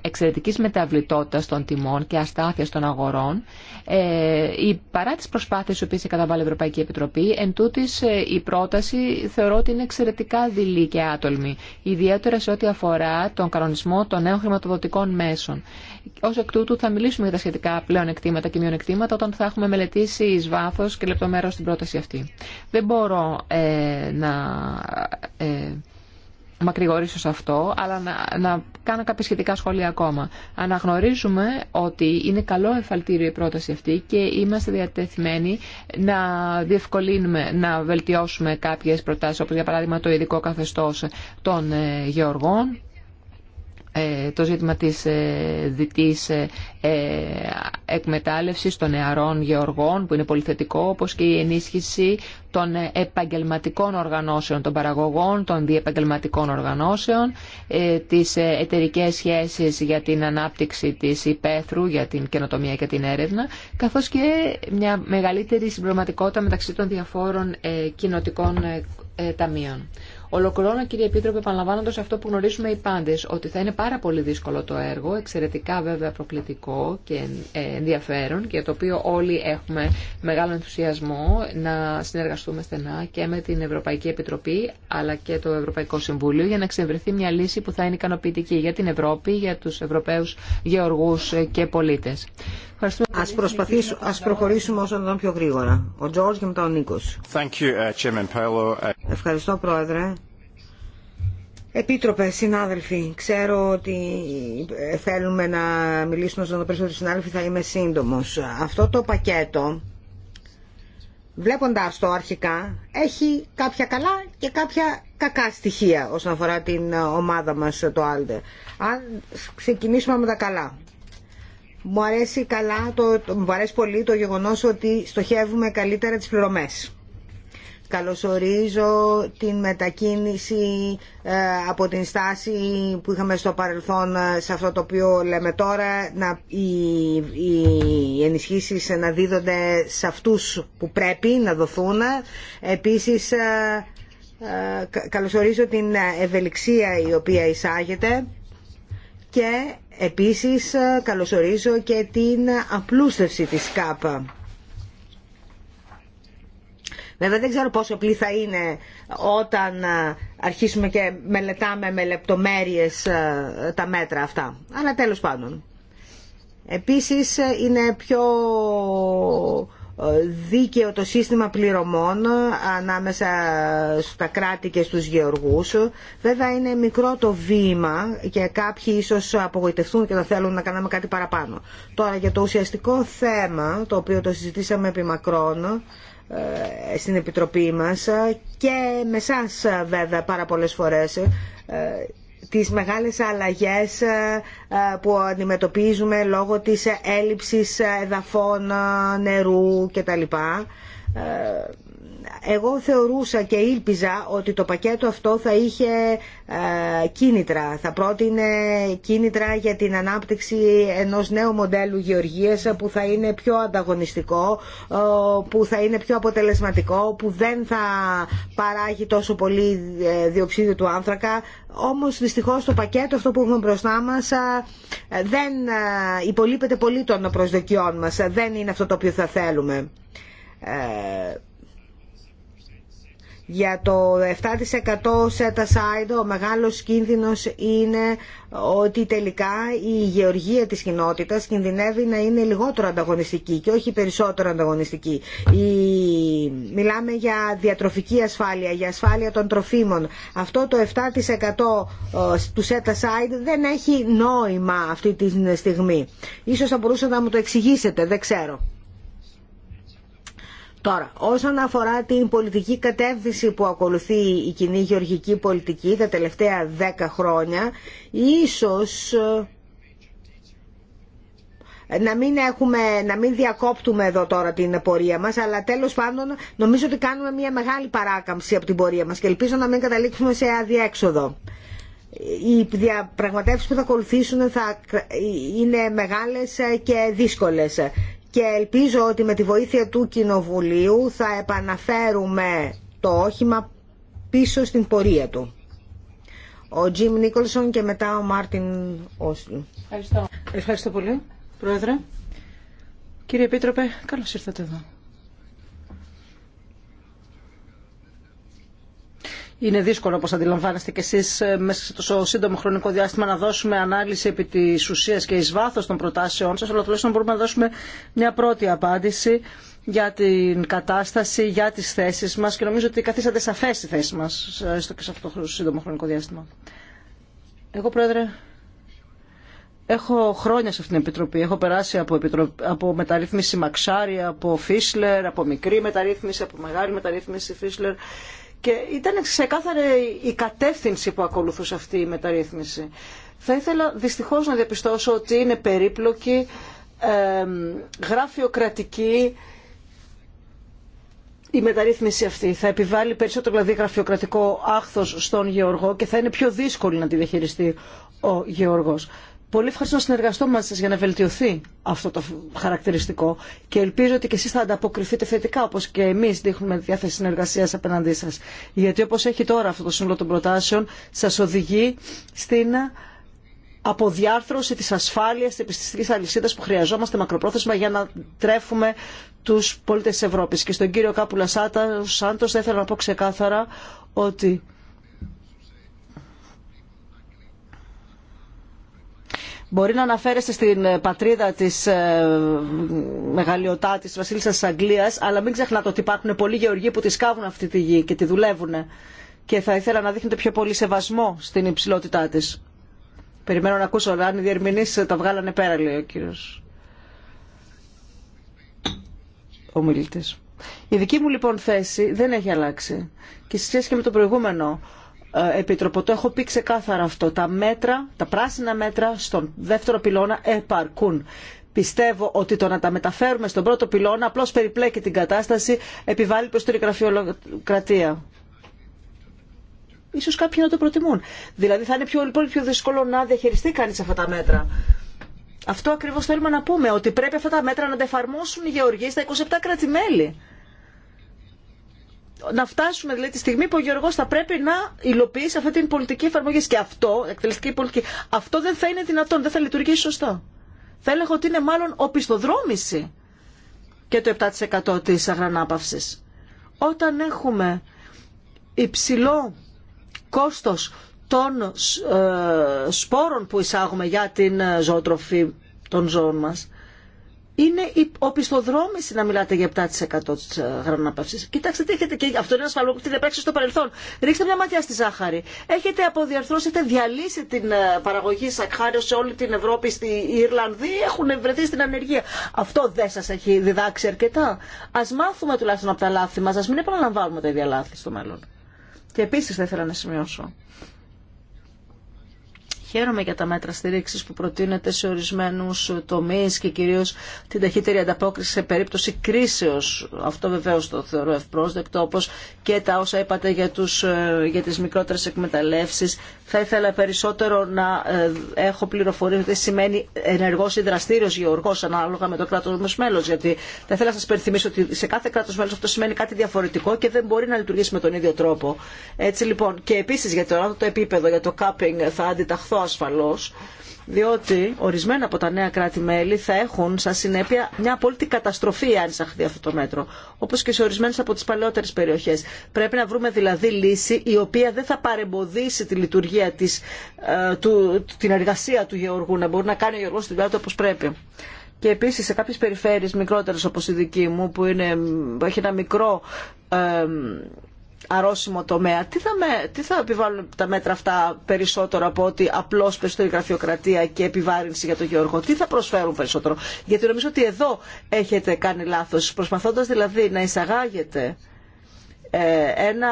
εξαιρετικής μεταβλητότητας των τιμών και αστάθειας των αγορών ε, παρά τις προσπάθειες που καταβάλει η Ευρωπαϊκή Επιτροπή εν ε, η πρόταση θεωρώ ότι είναι εξαιρετικά δειλή και άτολμη, ιδιαίτερα σε ό,τι αφορά τον κανονισμό των νέων χρηματοδοτικών μέσων. Ω εκ τούτου θα μιλήσουμε για τα σχετικά πλέον εκτήματα και μειονεκτήματα όταν θα έχουμε μελετήσει ει βάθο και λεπτομέρω την πρόταση αυτή. Δεν μπορώ ε, να. Ε, μακρηγορήσω σε αυτό, αλλά να, να κάνω κάποια σχετικά σχόλια ακόμα. Αναγνωρίζουμε ότι είναι καλό εφαλτήριο η πρόταση αυτή και είμαστε διατεθειμένοι να διευκολύνουμε, να βελτιώσουμε κάποιες προτάσεις, όπως για παράδειγμα το ειδικό καθεστώς των ε, γεωργών, ε, το ζήτημα της ε, δυτής ε, εκμετάλλευσης των νεαρών γεωργών που είναι πολυθετικό όπως και η ενίσχυση των επαγγελματικών οργανώσεων των παραγωγών, των διεπαγγελματικών οργανώσεων, τις εταιρικές σχέσεις για την ανάπτυξη της υπαίθρου, για την καινοτομία και την έρευνα, καθώς και μια μεγαλύτερη συμπληρωματικότητα μεταξύ των διαφόρων κοινοτικών ταμείων. Ολοκληρώνω, κύριε Επίτροπε, επαναλαμβάνοντα αυτό που γνωρίζουμε οι πάντε, ότι θα είναι πάρα πολύ δύσκολο το έργο, εξαιρετικά βέβαια προκλητικό και ε, ενδιαφέρον, και το οποίο όλοι έχουμε μεγάλο ενθουσιασμό να συνεργαστούμε στενά και με την Ευρωπαϊκή Επιτροπή αλλά και το Ευρωπαϊκό Συμβούλιο για να ξεβρεθεί μια λύση που θα είναι ικανοποιητική για την Ευρώπη, για του Ευρωπαίου γεωργού και πολίτε. Ας, προσπαθήσουμε, προχωρήσουμε όσο να πιο γρήγορα. Ο Τζόρτζ και μετά ο Νίκος. Uh, Ευχαριστώ, Πρόεδρε. Επίτροπε, συνάδελφοι, ξέρω ότι ε, θέλουμε να μιλήσουμε στον περισσότερο συνάδελφοι, θα είμαι σύντομος. Αυτό το πακέτο, βλέποντας το αρχικά, έχει κάποια καλά και κάποια κακά στοιχεία όσον αφορά την ε, ομάδα μας ε, το Άλτε. Αν ξεκινήσουμε με τα καλά. Μου αρέσει, καλά το, μου αρέσει πολύ το γεγονός ότι στοχεύουμε καλύτερα τις πληρωμές. Καλωσορίζω την μετακίνηση ε, από την στάση που είχαμε στο παρελθόν ε, σε αυτό το οποίο λέμε τώρα, να, οι, οι ενισχύσεις να δίδονται σε αυτούς που πρέπει να δοθούν. Επίσης, ε, καλωσορίζω την ευελιξία η οποία εισάγεται και επίσης ε, καλωσορίζω και την απλούστευση της ΚΑΠΑ. Βέβαια δεν ξέρω πόσο απλή θα είναι όταν ε, αρχίσουμε και μελετάμε με λεπτομέρειες ε, τα μέτρα αυτά. Αλλά τέλος πάντων. Επίσης είναι πιο δίκαιο το σύστημα πληρωμών ανάμεσα στα κράτη και στους γεωργούς. Βέβαια είναι μικρό το βήμα και κάποιοι ίσως απογοητευτούν και θα θέλουν να κάνουμε κάτι παραπάνω. Τώρα για το ουσιαστικό θέμα το οποίο το συζητήσαμε επί μακρόν, ε, στην Επιτροπή μας και με εσάς βέβαια πάρα πολλές φορές ε, τις μεγάλες αλλαγές ε, ε, που αντιμετωπίζουμε λόγω της έλλειψης ε, εδαφών, νερού κτλ εγώ θεωρούσα και ήλπιζα ότι το πακέτο αυτό θα είχε ε, κίνητρα, θα πρότεινε κίνητρα για την ανάπτυξη ενός νέου μοντέλου γεωργίας που θα είναι πιο ανταγωνιστικό, ε, που θα είναι πιο αποτελεσματικό, που δεν θα παράγει τόσο πολύ ε, διοξίδιο του άνθρακα. Όμως δυστυχώς το πακέτο αυτό που έχουμε μπροστά μας δεν υπολείπεται πολύ των προσδοκιών μας, δεν είναι αυτό το οποίο θα θέλουμε. Για το 7% set aside ο μεγάλος κίνδυνος είναι ότι τελικά η γεωργία της κοινότητας κινδυνεύει να είναι λιγότερο ανταγωνιστική και όχι περισσότερο ανταγωνιστική. Η... Μιλάμε για διατροφική ασφάλεια, για ασφάλεια των τροφίμων. Αυτό το 7% ε, του set aside δεν έχει νόημα αυτή τη στιγμή. Ίσως θα μπορούσατε να μου το εξηγήσετε, δεν ξέρω. Τώρα, όσον αφορά την πολιτική κατεύθυνση που ακολουθεί η κοινή γεωργική πολιτική τα τελευταία δέκα χρόνια, ίσως ε, να μην, έχουμε, να μην διακόπτουμε εδώ τώρα την πορεία μας, αλλά τέλος πάντων νομίζω ότι κάνουμε μια μεγάλη παράκαμψη από την πορεία μας και ελπίζω να μην καταλήξουμε σε αδιέξοδο. Οι διαπραγματεύσεις που θα ακολουθήσουν θα ε, είναι μεγάλες ε, και δύσκολες και ελπίζω ότι με τη βοήθεια του Κοινοβουλίου θα επαναφέρουμε το όχημα πίσω στην πορεία του. Ο Τζιμ Νίκολσον και μετά ο Μάρτιν Όσλου. Ευχαριστώ. Ευχαριστώ πολύ, Πρόεδρε. Κύριε Επίτροπε, καλώς ήρθατε εδώ. Είναι δύσκολο, όπω αντιλαμβάνεστε και εσεί ε, μέσα σε τόσο σύντομο χρονικό διάστημα να δώσουμε ανάλυση επί τη ουσία και ει βάθο των προτάσεών σα, αλλά τουλάχιστον μπορούμε να δώσουμε μια πρώτη απάντηση για την κατάσταση, για τι θέσει μα και νομίζω ότι καθίσατε σαφέ στη θέση μα έστω ε, και σε αυτό το σύντομο χρονικό διάστημα. Εγώ, Πρόεδρε, Έχω χρόνια σε αυτήν την επιτροπή. Έχω περάσει από, επιτρο... από μεταρρύθμιση Μαξάρη, από Φίσλερ, από μικρή μεταρρύθμιση, από μεγάλη μεταρρύθμιση Φίσλερ. Και ήταν ξεκάθαρη η κατεύθυνση που ακολουθούσε αυτή η μεταρρύθμιση. Θα ήθελα δυστυχώς να διαπιστώσω ότι είναι περίπλοκη, γραφειοκρατική η μεταρρύθμιση αυτή. Θα επιβάλλει περισσότερο δηλαδή γραφειοκρατικό άχθος στον Γεωργό και θα είναι πιο δύσκολη να τη διαχειριστεί ο Γεωργός πολύ ευχαριστώ να συνεργαστώ μαζί σα για να βελτιωθεί αυτό το χαρακτηριστικό και ελπίζω ότι και εσείς θα ανταποκριθείτε θετικά όπω και εμεί δείχνουμε διάθεση συνεργασία απέναντί σα. Γιατί όπω έχει τώρα αυτό το σύνολο των προτάσεων σα οδηγεί στην αποδιάρθρωση τη ασφάλεια τη επιστημικής αλυσίδα που χρειαζόμαστε μακροπρόθεσμα για να τρέφουμε του πολίτε τη Ευρώπη. Και στον κύριο Κάπουλα Σάντο, θα ήθελα να πω ξεκάθαρα ότι Μπορεί να αναφέρεστε στην ε, πατρίδα τη ε, μεγαλειοτάτη Βασίλισσα τη Αγγλία, αλλά μην ξεχνάτε ότι υπάρχουν πολλοί γεωργοί που τη σκάβουν αυτή τη γη και τη δουλεύουν. Και θα ήθελα να δείχνετε πιο πολύ σεβασμό στην υψηλότητά τη. Περιμένω να ακούσω, αλλά αν οι διερμηνεί ε, τα βγάλανε πέρα, λέει ο κύριο ομιλητή. Η δική μου λοιπόν θέση δεν έχει αλλάξει. Και σε σχέση και με το προηγούμενο, ε, Επίτροπο. Το έχω πει ξεκάθαρα αυτό. Τα μέτρα, τα πράσινα μέτρα στον δεύτερο πυλώνα επαρκούν. Πιστεύω ότι το να τα μεταφέρουμε στον πρώτο πυλώνα απλώ περιπλέκει την κατάσταση, επιβάλλει την γραφειοκρατία. Ίσως κάποιοι να το προτιμούν. Δηλαδή θα είναι πιο, λοιπόν, πιο δύσκολο να διαχειριστεί κανείς αυτά τα μέτρα. Αυτό ακριβώς θέλουμε να πούμε, ότι πρέπει αυτά τα μέτρα να τα εφαρμόσουν οι γεωργοί στα 27 κράτη-μέλη να φτάσουμε δηλαδή τη στιγμή που ο Γεωργός θα πρέπει να υλοποιήσει αυτή την πολιτική εφαρμογή και αυτό, εκτελεστική πολιτική, αυτό δεν θα είναι δυνατόν, δεν θα λειτουργήσει σωστά. Θα έλεγα ότι είναι μάλλον οπισθοδρόμηση και το 7% της αγρανάπαυσης. Όταν έχουμε υψηλό κόστος των ε, σπόρων που εισάγουμε για την ε, ζωοτροφή των ζώων μας, είναι η οπισθοδρόμηση να μιλάτε για 7% τη γραμμάπαυση. Κοιτάξτε τι έχετε, και αυτό είναι ένα ασφαλό που την επέξω στο παρελθόν. Ρίξτε μια ματιά στη ζάχαρη. Έχετε αποδιαρθρώσει, έχετε διαλύσει την ε, παραγωγή σακχάριου σε όλη την Ευρώπη. Στη Ιρλανδοί έχουν βρεθεί στην ανεργία. Αυτό δεν σα έχει διδάξει αρκετά. Α μάθουμε τουλάχιστον από τα λάθη μα, α μην επαναλαμβάνουμε τα ίδια λάθη στο μέλλον. Και επίση θα ήθελα να σημειώσω Χαίρομαι για τα μέτρα στήριξη που προτείνεται σε ορισμένου τομεί και κυρίω την ταχύτερη ανταπόκριση σε περίπτωση κρίσεω. Αυτό βεβαίω το θεωρώ ευπρόσδεκτο, όπω και τα όσα είπατε για, τους, ε, για τι μικρότερε εκμεταλλεύσει θα ήθελα περισσότερο να ε, έχω πληροφορίες ότι σημαίνει ενεργός ή δραστήριος ανάλογα με το κράτος μέλος. Γιατί θα ήθελα να σας περιθυμίσω ότι σε κάθε κράτος μέλος αυτό σημαίνει κάτι διαφορετικό και δεν μπορεί να λειτουργήσει με τον ίδιο τρόπο. Έτσι λοιπόν και επίσης για το επίπεδο, για το κάπινγκ θα αντιταχθώ ασφαλώς διότι ορισμένα από τα νέα κράτη-μέλη θα έχουν σαν συνέπεια μια απόλυτη καταστροφή αν εισαχθεί αυτό το μέτρο, όπως και σε ορισμένε από τι παλαιότερες περιοχές. Πρέπει να βρούμε δηλαδή λύση η οποία δεν θα παρεμποδίσει τη λειτουργία της, ε, του, την εργασία του Γεωργού, να μπορεί να κάνει ο Γεωργός την δουλειά πρέπει. Και επίση σε κάποιε περιφέρειε μικρότερε όπω η δική μου που, είναι, έχει ένα μικρό ε, αρρώσιμο τομέα. Τι θα, με, τι θα επιβάλλουν τα μέτρα αυτά περισσότερο από ότι απλώς περισσότερη γραφειοκρατία και επιβάρυνση για τον Γεωργό. Τι θα προσφέρουν περισσότερο. Γιατί νομίζω ότι εδώ έχετε κάνει λάθος. Προσπαθώντας δηλαδή να εισαγάγετε ε, ένα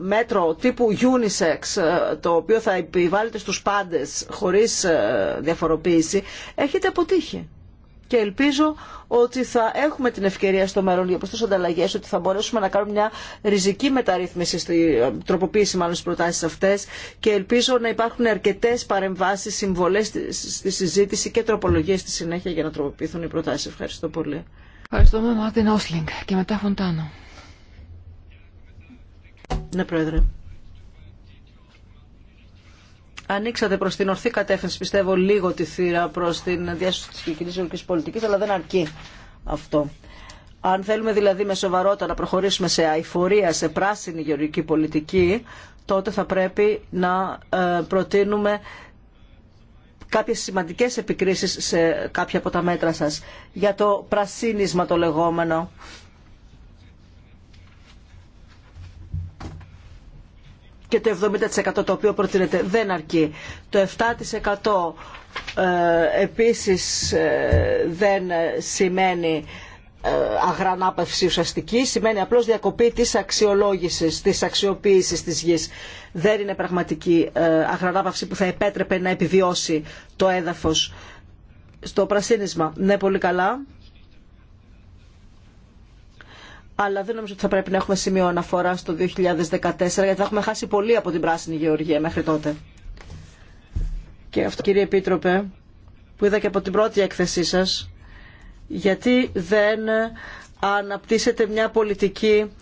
μέτρο τύπου unisex ε, το οποίο θα επιβάλλεται στους πάντες χωρίς ε, διαφοροποίηση έχετε αποτύχει και ελπίζω ότι θα έχουμε την ευκαιρία στο μέλλον για τι ανταλλαγέ, ότι θα μπορέσουμε να κάνουμε μια ριζική μεταρρύθμιση, στη, ε, τροποποίηση μάλλον στι προτάσει αυτές και ελπίζω να υπάρχουν αρκετές παρεμβάσει συμβολές στη, συζήτηση και τροπολογίες στη συνέχεια για να τροποποιηθούν οι προτάσει. Ευχαριστώ πολύ. Ευχαριστούμε Μάρτιν Όσλινγκ και μετά Φοντάνο. Ναι, Πρόεδρε ανοίξατε προς την ορθή κατεύθυνση, πιστεύω, λίγο τη θύρα προς την διάσωση κοινή ελληνική πολιτική, πολιτικής, αλλά δεν αρκεί αυτό. Αν θέλουμε δηλαδή με σοβαρότητα να προχωρήσουμε σε αηφορία, σε πράσινη γεωργική πολιτική, τότε θα πρέπει να ε, προτείνουμε κάποιες σημαντικές επικρίσεις σε κάποια από τα μέτρα σας για το πρασίνισμα το λεγόμενο και το 70% το οποίο προτείνεται δεν αρκεί. Το 7% ε, επίσης ε, δεν σημαίνει ε, αγρανάπευση ουσιαστική, σημαίνει απλώς διακοπή της αξιολόγησης, της αξιοποίησης της γης. Δεν είναι πραγματική αγρανάπαυση που θα επέτρεπε να επιβιώσει το έδαφος στο πρασίνισμα. Ναι, πολύ καλά αλλά δεν νομίζω ότι θα πρέπει να έχουμε σημείο αναφορά στο 2014 γιατί θα έχουμε χάσει πολύ από την πράσινη γεωργία μέχρι τότε. Και αυτό κύριε Επίτροπε που είδα και από την πρώτη έκθεσή σας γιατί δεν αναπτύσσεται μια πολιτική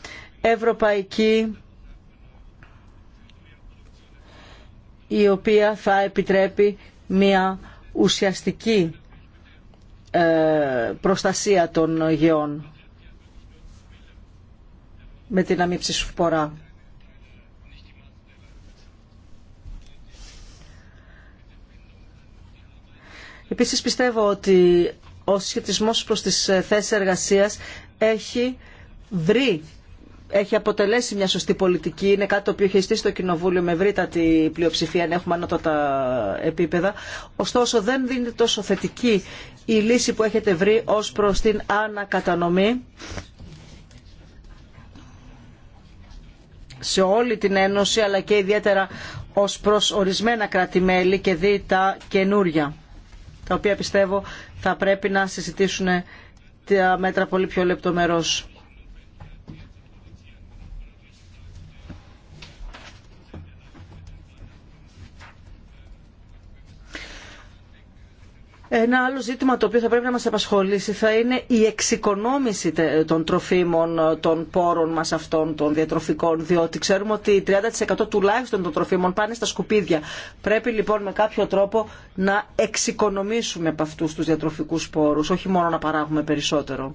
ευρωπαϊκή η οποία θα επιτρέπει μια ουσιαστική ε, προστασία των γεών με την αμύψη φορά. Επίσης πιστεύω ότι ο σχετισμός προς τις ε, θέσεις εργασίας έχει βρει έχει αποτελέσει μια σωστή πολιτική. Είναι κάτι το οποίο έχει στήσει το Κοινοβούλιο με ευρύτατη πλειοψηφία, αν έχουμε ανώτατα επίπεδα. Ωστόσο, δεν δίνεται τόσο θετική η λύση που έχετε βρει ως προς την ανακατανομή σε όλη την Ένωση αλλά και ιδιαίτερα ως προς ορισμένα κράτη-μέλη και δει τα καινούρια τα οποία πιστεύω θα πρέπει να συζητήσουν τα μέτρα πολύ πιο λεπτομερώς. Ένα άλλο ζήτημα το οποίο θα πρέπει να μας απασχολήσει θα είναι η εξοικονόμηση των τροφίμων των πόρων μας αυτών των διατροφικών διότι ξέρουμε ότι 30% τουλάχιστον των τροφίμων πάνε στα σκουπίδια. Πρέπει λοιπόν με κάποιο τρόπο να εξοικονομήσουμε από αυτούς τους διατροφικούς πόρους, όχι μόνο να παράγουμε περισσότερο.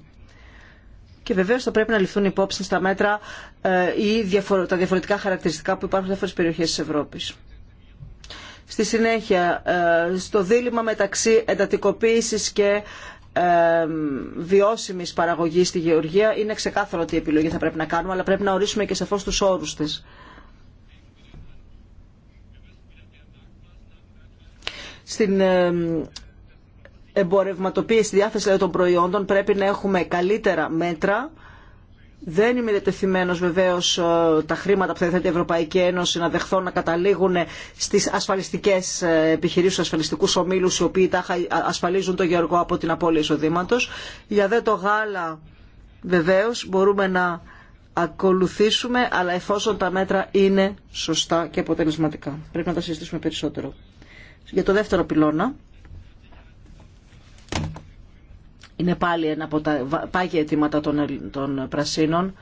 Και βεβαίω θα πρέπει να ληφθούν υπόψη στα μέτρα ή ε, τα διαφορετικά χαρακτηριστικά που υπάρχουν σε διάφορες περιοχέ τη Ευρώπη στη συνέχεια ε, στο δίλημα μεταξύ εντατικοποίησης και ε, βιώσιμης παραγωγής στη γεωργία είναι ξεκάθαρο η επιλογή θα πρέπει να κάνουμε αλλά πρέπει να ορίσουμε και σαφώς τους όρους της. Στην ε, εμπορευματοποίηση, στη διάθεση των προϊόντων πρέπει να έχουμε καλύτερα μέτρα δεν είμαι διατεθειμένο βεβαίω ε, τα χρήματα που θα διθέτει η Ευρωπαϊκή Ένωση να δεχθώ να καταλήγουν στι ασφαλιστικέ ε, επιχειρήσει, στου ασφαλιστικού ομίλου, οι οποίοι τα ασφαλίζουν το γεωργό από την απώλεια εισοδήματο. Για δε το γάλα, βεβαίω μπορούμε να ακολουθήσουμε, αλλά εφόσον τα μέτρα είναι σωστά και αποτελεσματικά. Πρέπει να τα συζητήσουμε περισσότερο. Για το δεύτερο πυλώνα, Είναι πάλι ένα από τα πάγια αιτήματα των, των πρασίνων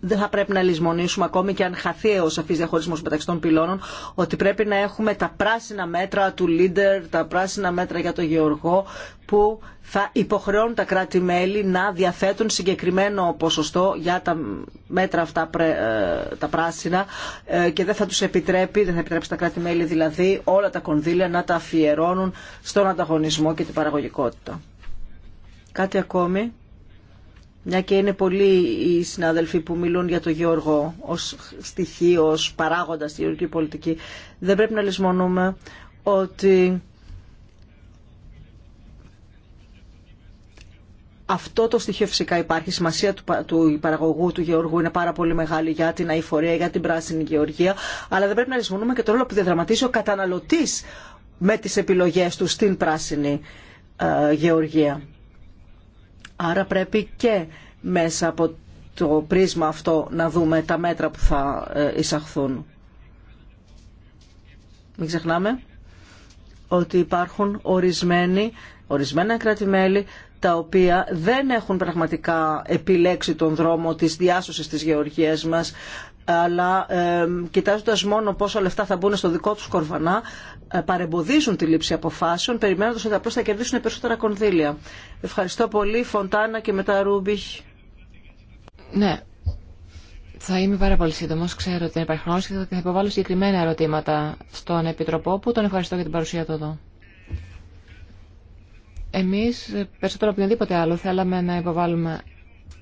δεν θα πρέπει να λησμονήσουμε ακόμη και αν χαθεί ο σαφής διαχωρισμός μεταξύ των πυλώνων ότι πρέπει να έχουμε τα πράσινα μέτρα του Λίντερ, τα πράσινα μέτρα για το Γεωργό που θα υποχρεώνουν τα κράτη-μέλη να διαθέτουν συγκεκριμένο ποσοστό για τα μέτρα αυτά ε, τα πράσινα ε, και δεν θα τους επιτρέπει, δεν θα επιτρέψει τα κράτη-μέλη δηλαδή όλα τα κονδύλια να τα αφιερώνουν στον ανταγωνισμό και την παραγωγικότητα. Κάτι ακόμη μια και είναι πολλοί οι συνάδελφοι που μιλούν για το Γεωργό ως στοιχείο, ως παράγοντα στη γεωργική πολιτική. Δεν πρέπει να λησμονούμε ότι αυτό το στοιχείο φυσικά υπάρχει. Η σημασία του, του παραγωγού, του γεωργού είναι πάρα πολύ μεγάλη για την αηφορία, για την πράσινη γεωργία. Αλλά δεν πρέπει να λησμονούμε και το ρόλο που διαδραματίζει ο καταναλωτής με τις επιλογές του στην πράσινη ε, γεωργία. Άρα πρέπει και μέσα από το πρίσμα αυτό να δούμε τα μέτρα που θα ε, εισαχθούν. Μην ξεχνάμε ότι υπάρχουν ορισμένοι, ορισμένα τα οποία δεν έχουν πραγματικά επιλέξει τον δρόμο της διάσωσης της γεωργίας μας αλλά ε, κοιτάζοντας μόνο πόσα λεφτά θα μπουν στο δικό τους κορβανά, ε, παρεμποδίζουν τη λήψη αποφάσεων, περιμένοντας ότι απλώς θα κερδίσουν περισσότερα κονδύλια. Ευχαριστώ πολύ, Φοντάνα και μετά Ρούμπιχ. Ναι, θα είμαι πάρα πολύ σύντομο. Ξέρω ότι δεν υπάρχει χρόνο και θα υποβάλω συγκεκριμένα ερωτήματα στον Επιτροπό που τον ευχαριστώ για την παρουσία του εδώ. Εμεί ε, περισσότερο από οποιοδήποτε άλλο θέλαμε να υποβάλουμε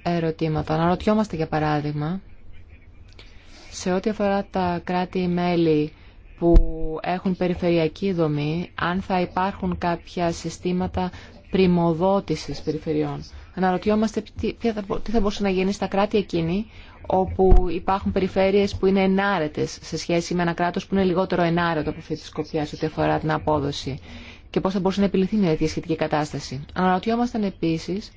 ερωτήματα. Αναρωτιόμαστε για παράδειγμα σε ό,τι αφορά τα κράτη-μέλη που έχουν περιφερειακή δομή, αν θα υπάρχουν κάποια συστήματα πριμοδότησης περιφερειών. Αναρωτιόμαστε τι θα μπορούσε να γίνει στα κράτη εκείνη όπου υπάρχουν περιφέρειες που είναι ενάρετες σε σχέση με ένα κράτος που είναι λιγότερο ενάρετο από αυτή τη σκοπιά σε ό,τι αφορά την απόδοση και πώς θα μπορούσε να επιληθεί μια τέτοια σχετική κατάσταση. Αναρωτιόμασταν επίσης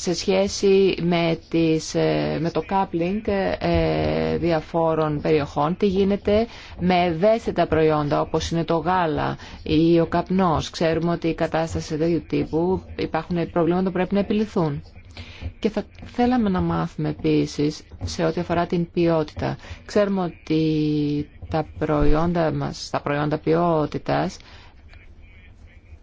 σε σχέση με, τις, ε, με το coupling ε, διαφόρων περιοχών, τι γίνεται με ευαίσθητα προϊόντα όπως είναι το γάλα ή ο καπνός. Ξέρουμε ότι η κατάσταση τέτοιου τύπου υπάρχουν προβλήματα που πρέπει να επιληθούν. Και θα θέλαμε να μάθουμε επίσης σε ό,τι αφορά την ποιότητα. Ξέρουμε ότι τα προϊόντα μας, τα προϊόντα ποιότητας,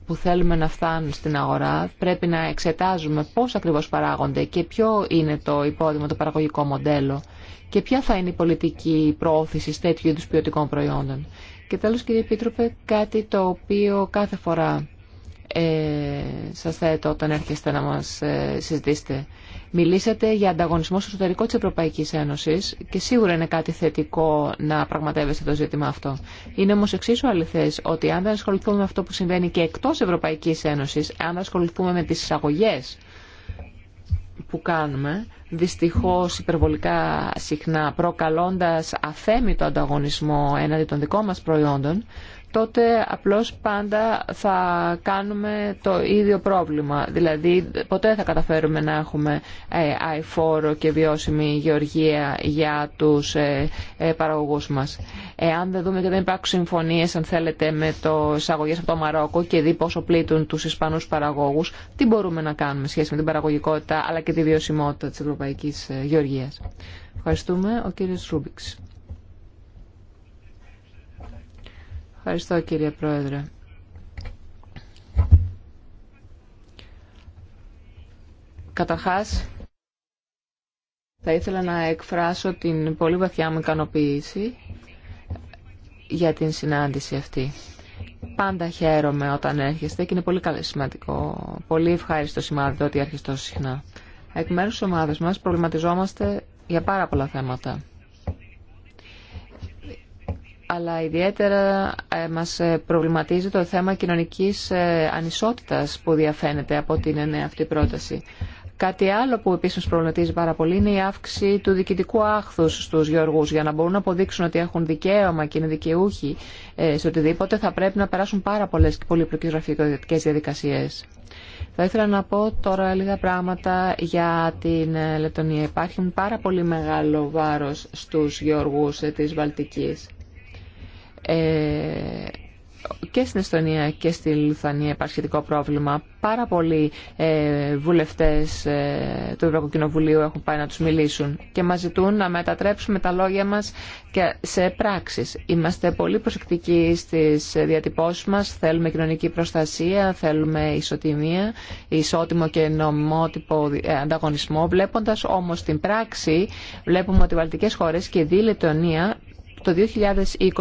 που θέλουμε να φτάνουν στην αγορά πρέπει να εξετάζουμε πώς ακριβώς παράγονται και ποιο είναι το υπόδειγμα, το παραγωγικό μοντέλο και ποια θα είναι η πολιτική προώθηση τέτοιου είδους ποιοτικών προϊόντων. Και τέλος κύριε Επίτροπε, κάτι το οποίο κάθε φορά ε, σας θέτω όταν έρχεστε να μας ε, συζητήσετε Μιλήσατε για ανταγωνισμό στο εσωτερικό της Ευρωπαϊκής Ένωση, και σίγουρα είναι κάτι θετικό να πραγματεύεστε το ζήτημα αυτό. Είναι όμω εξίσου αληθές ότι αν δεν ασχοληθούμε με αυτό που συμβαίνει και εκτός Ευρωπαϊκής Ένωση, αν ασχοληθούμε με τις εισαγωγέ που κάνουμε, Δυστυχώ, υπερβολικά συχνά προκαλώντα αθέμητο ανταγωνισμό έναντι των δικών μα προϊόντων, τότε απλώς πάντα θα κάνουμε το ίδιο πρόβλημα. Δηλαδή ποτέ θα καταφέρουμε να έχουμε ε, αηφόρο και βιώσιμη γεωργία για τους ε, ε, παραγωγούς μας. Εάν δεν δούμε και δεν υπάρχουν συμφωνίες, αν θέλετε, με το εισαγωγές από το Μαρόκο και δει πόσο πλήττουν τους Ισπανούς παραγωγούς, τι μπορούμε να κάνουμε σχέση με την παραγωγικότητα αλλά και τη βιωσιμότητα της ευρωπαϊκής γεωργίας. Ευχαριστούμε. Ο κύριος Ρούμπιξ. Ευχαριστώ κύριε Πρόεδρε. Καταρχάς, θα ήθελα να εκφράσω την πολύ βαθιά μου ικανοποίηση για την συνάντηση αυτή. Πάντα χαίρομαι όταν έρχεστε και είναι πολύ καλό σημαντικό, πολύ ευχάριστο σημάδι ότι έρχεστε τόσο συχνά. Εκ μέρους της ομάδας μας προβληματιζόμαστε για πάρα πολλά θέματα αλλά ιδιαίτερα ε, μας ε, προβληματίζει το θέμα κοινωνικής ε, ανισότητας που διαφαίνεται από την αυτή πρόταση. Κάτι άλλο που επίσης προβληματίζει πάρα πολύ είναι η αύξηση του διοικητικού άχθους στους γεωργούς. Για να μπορούν να αποδείξουν ότι έχουν δικαίωμα και είναι δικαιούχοι σε οτιδήποτε θα πρέπει να περάσουν πάρα πολλέ και πολύπλοκες γραφειοκρατικές διαδικασίες. Θα ήθελα να πω τώρα λίγα πράγματα για την Λετωνία. Υπάρχουν πάρα πολύ μεγάλο βάρος στους γεωργούς τη Βαλτική. Ε, και στην Εστονία και στη Λουθανία υπάρχει σχετικό πρόβλημα. Πάρα πολλοί ε, βουλευτές ε, του Ευρωκοινοβουλίου έχουν πάει να τους μιλήσουν και μας ζητούν να μετατρέψουμε τα λόγια μας σε πράξεις. Είμαστε πολύ προσεκτικοί στις διατυπώσεις μας. Θέλουμε κοινωνική προστασία, θέλουμε ισοτιμία, ισότιμο και νομότυπο ανταγωνισμό. Βλέποντας όμως την πράξη, βλέπουμε ότι οι βαλτικές χώρες και η Δήλη το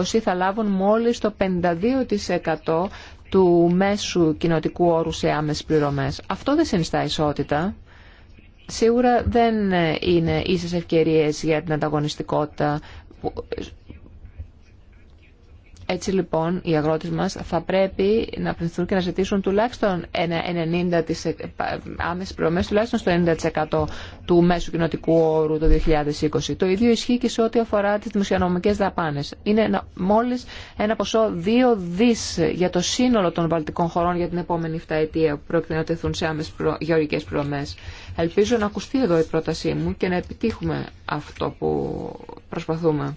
2020 θα λάβουν μόλις το 52% του μέσου κοινοτικού όρου σε άμεση πληρωμές. Αυτό δεν συνιστά ισότητα. Σίγουρα δεν είναι ίσες ευκαιρίες για την ανταγωνιστικότητα έτσι λοιπόν οι αγρότες μας θα πρέπει να πληθούν και να ζητήσουν τουλάχιστον ένα 90% άμεση προμές, τουλάχιστον στο 90% του μέσου κοινοτικού όρου το 2020. Το ίδιο ισχύει και σε ό,τι αφορά τις δημοσιονομικές δαπάνες. Είναι ένα, μόλις ένα ποσό 2 δις για το σύνολο των βαλτικών χωρών για την επόμενη 7 αιτία που πρόκειται να τεθούν σε αμεση προ... γεωργικές προμές. Ελπίζω να ακουστεί εδώ η πρότασή μου και να επιτύχουμε αυτό που προσπαθούμε.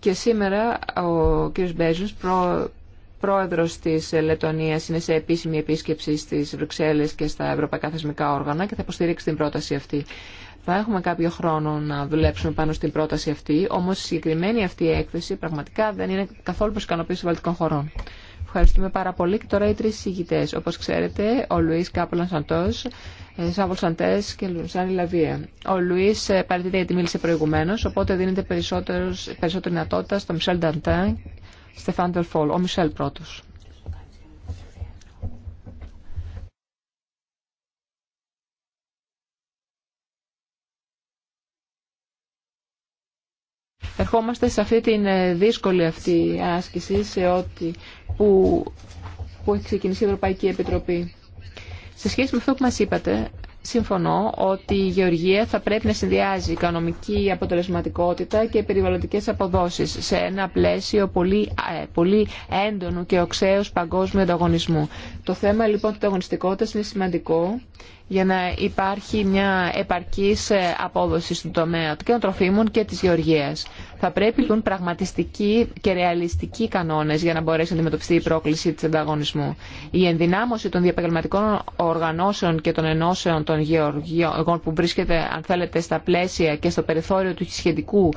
Και σήμερα ο κ. Μπέζος, προ, πρόεδρος της Λετωνίας, είναι σε επίσημη επίσκεψη στις Βρυξέλλες και στα ευρωπαϊκά θεσμικά όργανα και θα υποστηρίξει την πρόταση αυτή. Θα έχουμε κάποιο χρόνο να δουλέψουμε πάνω στην πρόταση αυτή, όμως η συγκεκριμένη αυτή έκθεση πραγματικά δεν είναι καθόλου προς ικανοποίηση των βαλτικών χωρών. Ευχαριστούμε πάρα πολύ. Και τώρα οι τρει ηγητέ. Όπω ξέρετε, ο Λουίς Κάπολαν Σαντό ε, Σάβολ Σαντέ και Λουζάνη Λαβία. Ο Λουί ε, παρατηρείται γιατί μίλησε προηγουμένω, οπότε δίνεται περισσότερη δυνατότητα στο Μισελ Νταντέν, Στεφάν Φολ. Ο Μισελ πρώτο. Ερχόμαστε σε αυτή την ε, δύσκολη αυτή άσκηση σε ό,τι που, που έχει ξεκινήσει η Ευρωπαϊκή Επιτροπή. Σε σχέση με αυτό που μας είπατε, συμφωνώ ότι η γεωργία θα πρέπει να συνδυάζει οικονομική αποτελεσματικότητα και περιβαλλοντικές αποδόσεις σε ένα πλαίσιο πολύ, ε, πολύ έντονου και οξέως παγκόσμιου ανταγωνισμού. Το θέμα λοιπόν της ανταγωνιστικότητας είναι σημαντικό για να υπάρχει μια επαρκής ε, απόδοση στον τομέα και των τροφίμων και της γεωργίας. Θα πρέπει λοιπόν πραγματιστικοί και ρεαλιστικοί κανόνες για να μπορέσει να αντιμετωπιστεί η πρόκληση της ανταγωνισμού. Η ενδυνάμωση των διαπαγγελματικών οργανώσεων και των ενώσεων των γεωργών που βρίσκεται αν θέλετε στα πλαίσια και στο περιθώριο του σχετικού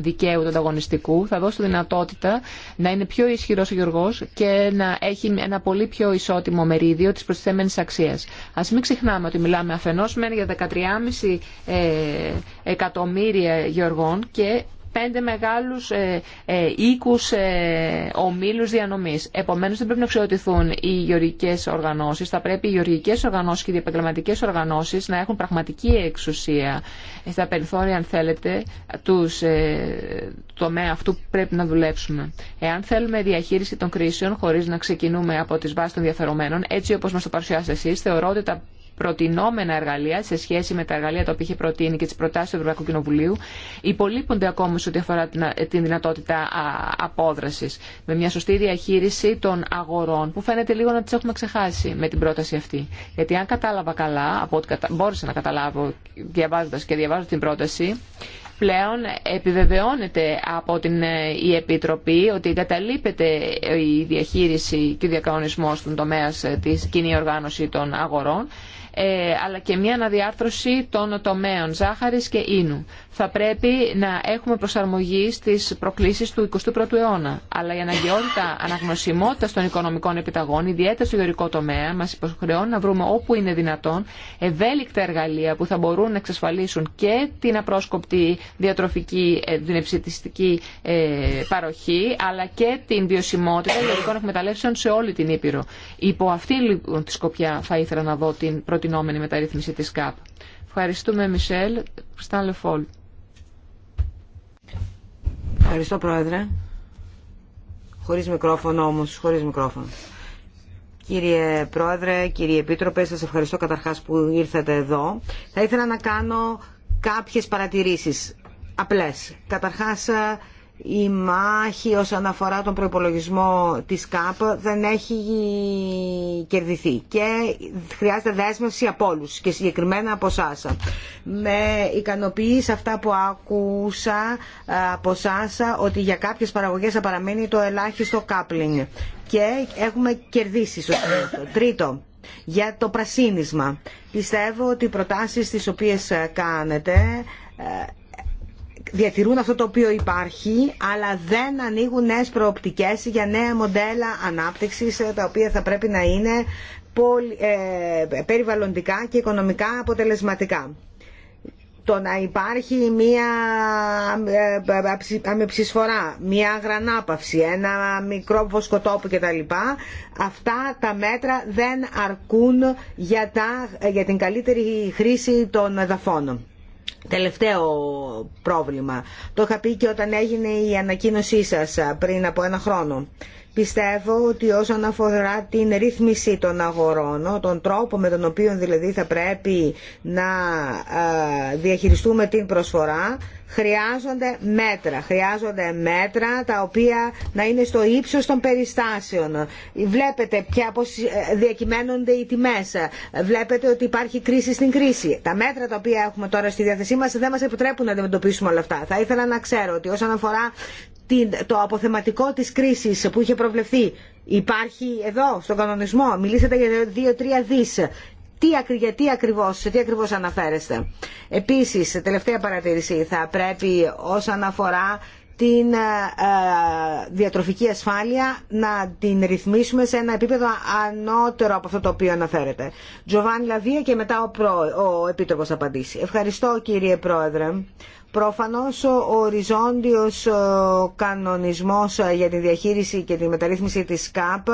δικαίου του ανταγωνιστικού θα δώσει τη δυνατότητα να είναι πιο ισχυρό ο γεωργό και να έχει ένα πολύ πιο ισότιμο μερίδιο τη προστιθέμενη αξία. Α μην ξεχνάμε ότι μιλάμε αφενός μεν για 13,5 ε, εκατομμύρια γεωργών και πέντε μεγάλους ε, ε, οίκους ε, ομίλους διανομής. Επομένως δεν πρέπει να εξαιρετηθούν οι γεωργικές οργανώσεις. Θα πρέπει οι γεωργικές οργανώσεις και οι επαγγελματικέ οργανώσεις να έχουν πραγματική εξουσία στα περιθώρια, αν θέλετε, τους, ε, τομέα αυτού που πρέπει να δουλέψουμε. Εάν θέλουμε διαχείριση των κρίσεων χωρίς να ξεκινούμε από τις βάσεις των διαφερομένων, έτσι όπως μας το παρουσιάσετε εσείς, θεωρώ τα προτινόμενα εργαλεία σε σχέση με τα εργαλεία τα οποία είχε προτείνει και τι προτάσει του Ευρωπαϊκού Κοινοβουλίου υπολείπονται ακόμα σε ό,τι αφορά την ε, δυνατότητα απόδραση με μια σωστή διαχείριση των αγορών που φαίνεται λίγο να τι έχουμε ξεχάσει με την πρόταση αυτή. Γιατί αν κατάλαβα καλά, από ό,τι μπόρεσα να καταλάβω διαβάζοντα και διαβάζω την πρόταση, πλέον επιβεβαιώνεται από την ε, η Επιτροπή ότι εγκαταλείπεται ε, η διαχείριση και ο διακανονισμός στον τομέα της κοινή οργάνωση των αγορών ε, αλλά και μια αναδιάρθρωση των τομέων ζάχαρης και ίνου θα πρέπει να έχουμε προσαρμογή στι προκλήσει του 21ου αιώνα. Αλλά η αναγκαιότητα αναγνωσιμότητα των οικονομικών επιταγών, ιδιαίτερα στο γεωρικό τομέα, μα υποχρεώνει να βρούμε όπου είναι δυνατόν ευέλικτα εργαλεία που θα μπορούν να εξασφαλίσουν και την απρόσκοπτη διατροφική, την ε, ευσυτιστική ε, παροχή, αλλά και την βιωσιμότητα γεωρικών εκμεταλλεύσεων σε όλη την Ήπειρο. Υπό αυτή λοιπόν, τη σκοπιά θα ήθελα να δω την προτινόμενη μεταρρύθμιση τη ΚΑΠ. Ευχαριστούμε, Μισελ. Στάνλε Φόλ. Ευχαριστώ Πρόεδρε. Χωρίς μικρόφωνο όμως, χωρίς μικρόφωνο. Κύριε Πρόεδρε, κύριε Επίτροπε, σας ευχαριστώ καταρχάς που ήρθατε εδώ. Θα ήθελα να κάνω κάποιες παρατηρήσεις απλές. Καταρχάς, η μάχη όσον αφορά τον προπολογισμό της ΚΑΠ δεν έχει κερδιθεί και χρειάζεται δέσμευση από όλους και συγκεκριμένα από εσά. Με ικανοποιεί αυτά που άκουσα από εσά ότι για κάποιες παραγωγές θα παραμένει το ελάχιστο κάπλινγκ και έχουμε κερδίσει στο Τρίτο, για το πρασίνισμα. Πιστεύω ότι οι προτάσεις τις οποίες κάνετε διατηρούν αυτό το οποίο υπάρχει, αλλά δεν ανοίγουν νέε προοπτικέ για νέα μοντέλα ανάπτυξης, τα οποία θα πρέπει να είναι ε, περιβαλλοντικά και οικονομικά αποτελεσματικά. Το να υπάρχει μία ε, αμυψισφορά, μία αγρανάπαυση, ένα μικρό βοσκοτόπου κτλ. Αυτά τα μέτρα δεν αρκούν για, για την καλύτερη χρήση των εδαφών τελευταίο πρόβλημα. Το είχα πει και όταν έγινε η ανακοίνωσή σας πριν από ένα χρόνο. Πιστεύω ότι όσον αφορά την ρύθμιση των αγορών, τον τρόπο με τον οποίο δηλαδή θα πρέπει να ε, διαχειριστούμε την προσφορά, χρειάζονται μέτρα. Χρειάζονται μέτρα τα οποία να είναι στο ύψος των περιστάσεων. Βλέπετε πια πώς ε, διακυμαίνονται οι τιμές. Βλέπετε ότι υπάρχει κρίση στην κρίση. Τα μέτρα τα οποία έχουμε τώρα στη διάθεσή μας δεν μας επιτρέπουν να αντιμετωπίσουμε όλα αυτά. Θα ήθελα να ξέρω ότι όσον αφορά το αποθεματικό της κρίσης που είχε προβλεφθεί υπάρχει εδώ στον κανονισμό. Μιλήσατε για 2-3 δις. Τι, ακριβώς, σε τι ακριβώς αναφέρεστε. Επίσης, τελευταία παρατήρηση, θα πρέπει όσον αφορά την ε, ε, διατροφική ασφάλεια να την ρυθμίσουμε σε ένα επίπεδο ανώτερο από αυτό το οποίο αναφέρεται. Τζοβάν Λαβία και μετά ο, ο απαντήσει. Ευχαριστώ κύριε Πρόεδρε. Προφανώς ο οριζόντιος κανονισμός για τη διαχείριση και τη μεταρρύθμιση της ΚΑΠ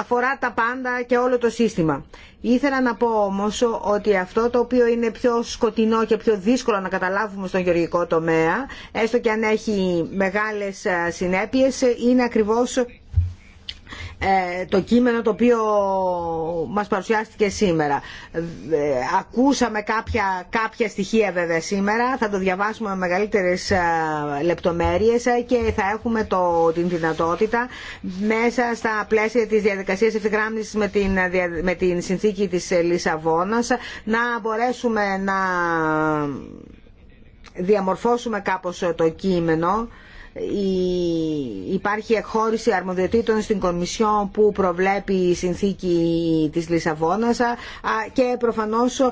αφορά τα πάντα και όλο το σύστημα. Ήθελα να πω όμως ότι αυτό το οποίο είναι πιο σκοτεινό και πιο δύσκολο να καταλάβουμε στον γεωργικό τομέα, έστω και αν έχει μεγάλες συνέπειες, είναι ακριβώς ε, το κείμενο το οποίο μας παρουσιάστηκε σήμερα. Ε, ακούσαμε κάποια, κάποια στοιχεία βέβαια σήμερα, θα το διαβάσουμε με μεγαλύτερες ε, λεπτομέρειες και θα έχουμε το, την δυνατότητα μέσα στα πλαίσια της διαδικασίας ευθυγράμμισης με την, με την συνθήκη της Λισαβόνας να μπορέσουμε να διαμορφώσουμε κάπως το κείμενο υπάρχει εκχώρηση αρμοδιοτήτων στην Κομισιόν που προβλέπει η συνθήκη της Λισαβόνας και προφανώς ε,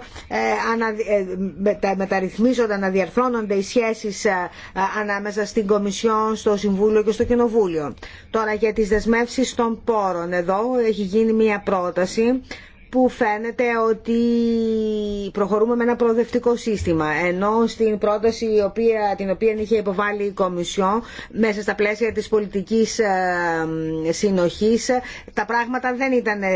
ε, μεταρρυθμίζονται, αναδιαρθρώνονται οι σχέσεις ε, ανάμεσα στην Κομισιόν, στο Συμβούλιο και στο Κοινοβούλιο. Τώρα για τις δεσμεύσεις των πόρων εδώ έχει γίνει μια πρόταση που φαίνεται ότι προχωρούμε με ένα προοδευτικό σύστημα ενώ στην πρόταση η οποία, την οποία είχε υποβάλει η Κομισιόν μέσα στα πλαίσια της πολιτικής ε, συνοχής τα πράγματα δεν ήταν ε,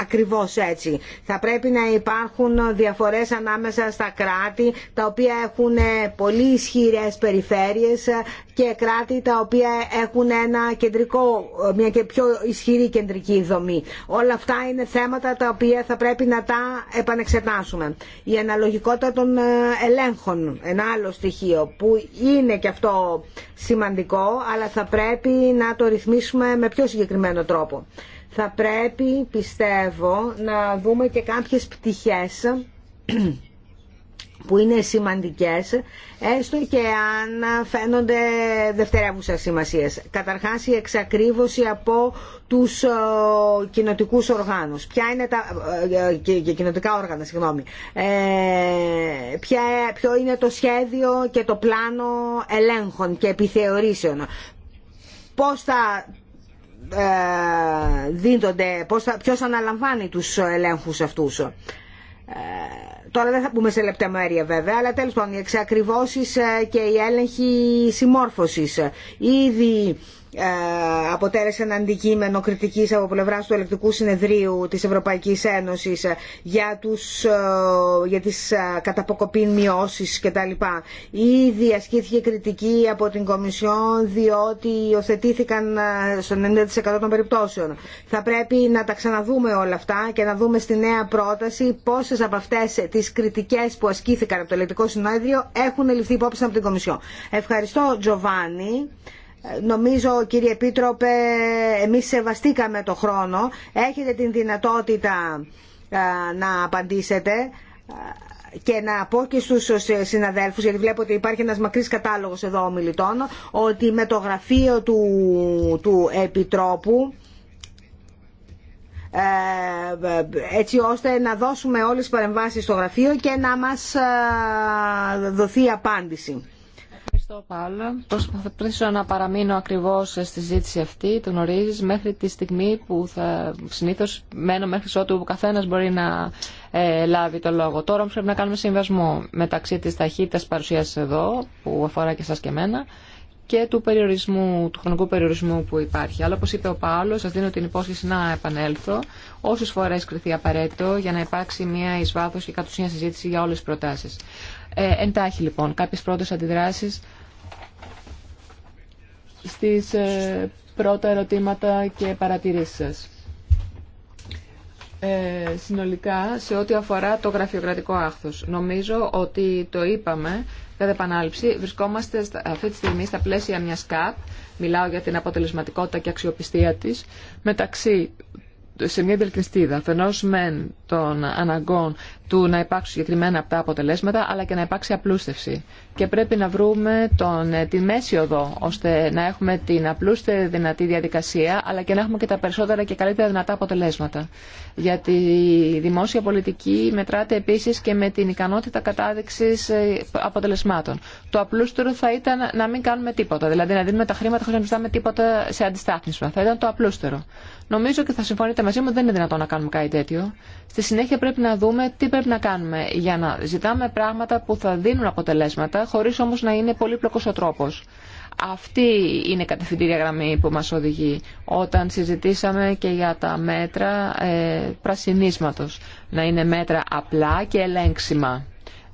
ακριβώς έτσι. Θα πρέπει να υπάρχουν διαφορές ανάμεσα στα κράτη τα οποία έχουν ε, πολύ ισχυρές περιφέρειες και κράτη τα οποία έχουν ένα κεντρικό, μια και πιο ισχυρή κεντρική δομή. Όλα αυτά είναι θέματα τα οποία θα πρέπει να τα επανεξετάσουμε. Η αναλογικότητα των ε, ελέγχων, ένα άλλο στοιχείο που είναι και αυτό σημαντικό, αλλά θα πρέπει να το ρυθμίσουμε με πιο συγκεκριμένο τρόπο. Θα πρέπει, πιστεύω, να δούμε και κάποιες πτυχές που είναι σημαντικές, έστω και αν φαίνονται δευτερεύουσα σημασίες. Καταρχάς η εξακρίβωση από τους ε, κοινοτικούς οργάνους. Ποια είναι τα... Ε, ε, και, κοινοτικά όργανα, συγγνώμη. ποιο είναι το σχέδιο και το πλάνο ελέγχων και επιθεωρήσεων. Πώς θα δίνονται, πώς ποιος αναλαμβάνει τους ελέγχους αυτούς. Τώρα δεν θα πούμε σε λεπτομέρεια βέβαια, αλλά τέλος πάντων οι εξακριβώσεις ε, και η έλεγχη συμμόρφωσης. Ήδη ε, αποτέλεσε ένα αντικείμενο κριτικής από πλευρά του Ελεκτικού Συνεδρίου της Ευρωπαϊκής Ένωσης ε, για, τους, για τις καταποκοπήν μειώσεις κτλ. Ήδη ασκήθηκε κριτική από την Κομισιόν διότι υιοθετήθηκαν στο 90% των περιπτώσεων. Θα πρέπει να τα ξαναδούμε όλα αυτά και να δούμε στη νέα πρόταση πόσες από αυτές τι τις που ασκήθηκαν από το Ελεκτικό Συνέδριο έχουν ληφθεί υπόψη από την Κομισιό. Ευχαριστώ Τζοβάνι. Νομίζω κύριε Επίτροπε εμείς σεβαστήκαμε το χρόνο. Έχετε την δυνατότητα ε, να απαντήσετε ε, και να πω και στους συναδέλφους, γιατί βλέπω ότι υπάρχει ένας μακρύς κατάλογος εδώ ομιλητών, ότι με το γραφείο του, του Επιτρόπου ε, έτσι ώστε να δώσουμε όλες τις παρεμβάσεις στο γραφείο και να μας ε, δοθεί απάντηση. Ευχαριστώ πάλι. Προσπαθήσω να παραμείνω ακριβώς στη ζήτηση αυτή, το γνωρίζεις, μέχρι τη στιγμή που θα συνήθως μένω μέχρι ότου ο καθένας μπορεί να ε, λάβει το λόγο. Τώρα πρέπει να κάνουμε συμβασμό μεταξύ της ταχύτητας παρουσίας εδώ, που αφορά και σας και εμένα, και του, περιορισμού, του χρονικού περιορισμού που υπάρχει. Αλλά όπως είπε ο Παύλο, σας δίνω την υπόσχεση να επανέλθω όσες φορές κρυθεί απαραίτητο για να υπάρξει μια ει και κατ' συζήτηση για όλες τις προτάσεις. Ε, εντάχει λοιπόν κάποιε πρώτε αντιδράσεις στις ε, πρώτα ερωτήματα και παρατηρήσει σα. Ε, συνολικά σε ό,τι αφορά το γραφειοκρατικό άχθος. Νομίζω ότι το είπαμε κατά επανάληψη. Βρισκόμαστε αυτή τη στιγμή στα πλαίσια μιας ΚΑΠ. Μιλάω για την αποτελεσματικότητα και αξιοπιστία της. Μεταξύ σε μια διελκυστίδα αφενός μεν των αναγκών του να υπάρξουν συγκεκριμένα αυτά αποτελέσματα, αλλά και να υπάρξει απλούστευση. Και πρέπει να βρούμε τον, ε, τη μέση οδό, ώστε να έχουμε την απλούστε δυνατή διαδικασία, αλλά και να έχουμε και τα περισσότερα και καλύτερα δυνατά αποτελέσματα. Γιατί η δημόσια πολιτική μετράται επίση και με την ικανότητα κατάδειξη ε, αποτελεσμάτων. Το απλούστερο θα ήταν να μην κάνουμε τίποτα, δηλαδή να δίνουμε τα χρήματα χωρί να ζητάμε τίποτα σε αντιστάθμισμα. Θα ήταν το απλούστερο. Νομίζω και θα συμφωνείτε μαζί μου δεν είναι δυνατόν να κάνουμε κάτι τέτοιο. Στη συνέχεια πρέπει να δούμε τι πρέπει να κάνουμε για να ζητάμε πράγματα που θα δίνουν αποτελέσματα, χωρίς όμως να είναι πολύπλοκος ο τρόπο. Αυτή είναι η κατευθυντήρια γραμμή που μας οδηγεί όταν συζητήσαμε και για τα μέτρα ε, πρασινίσματος. Να είναι μέτρα απλά και ελέγξιμα.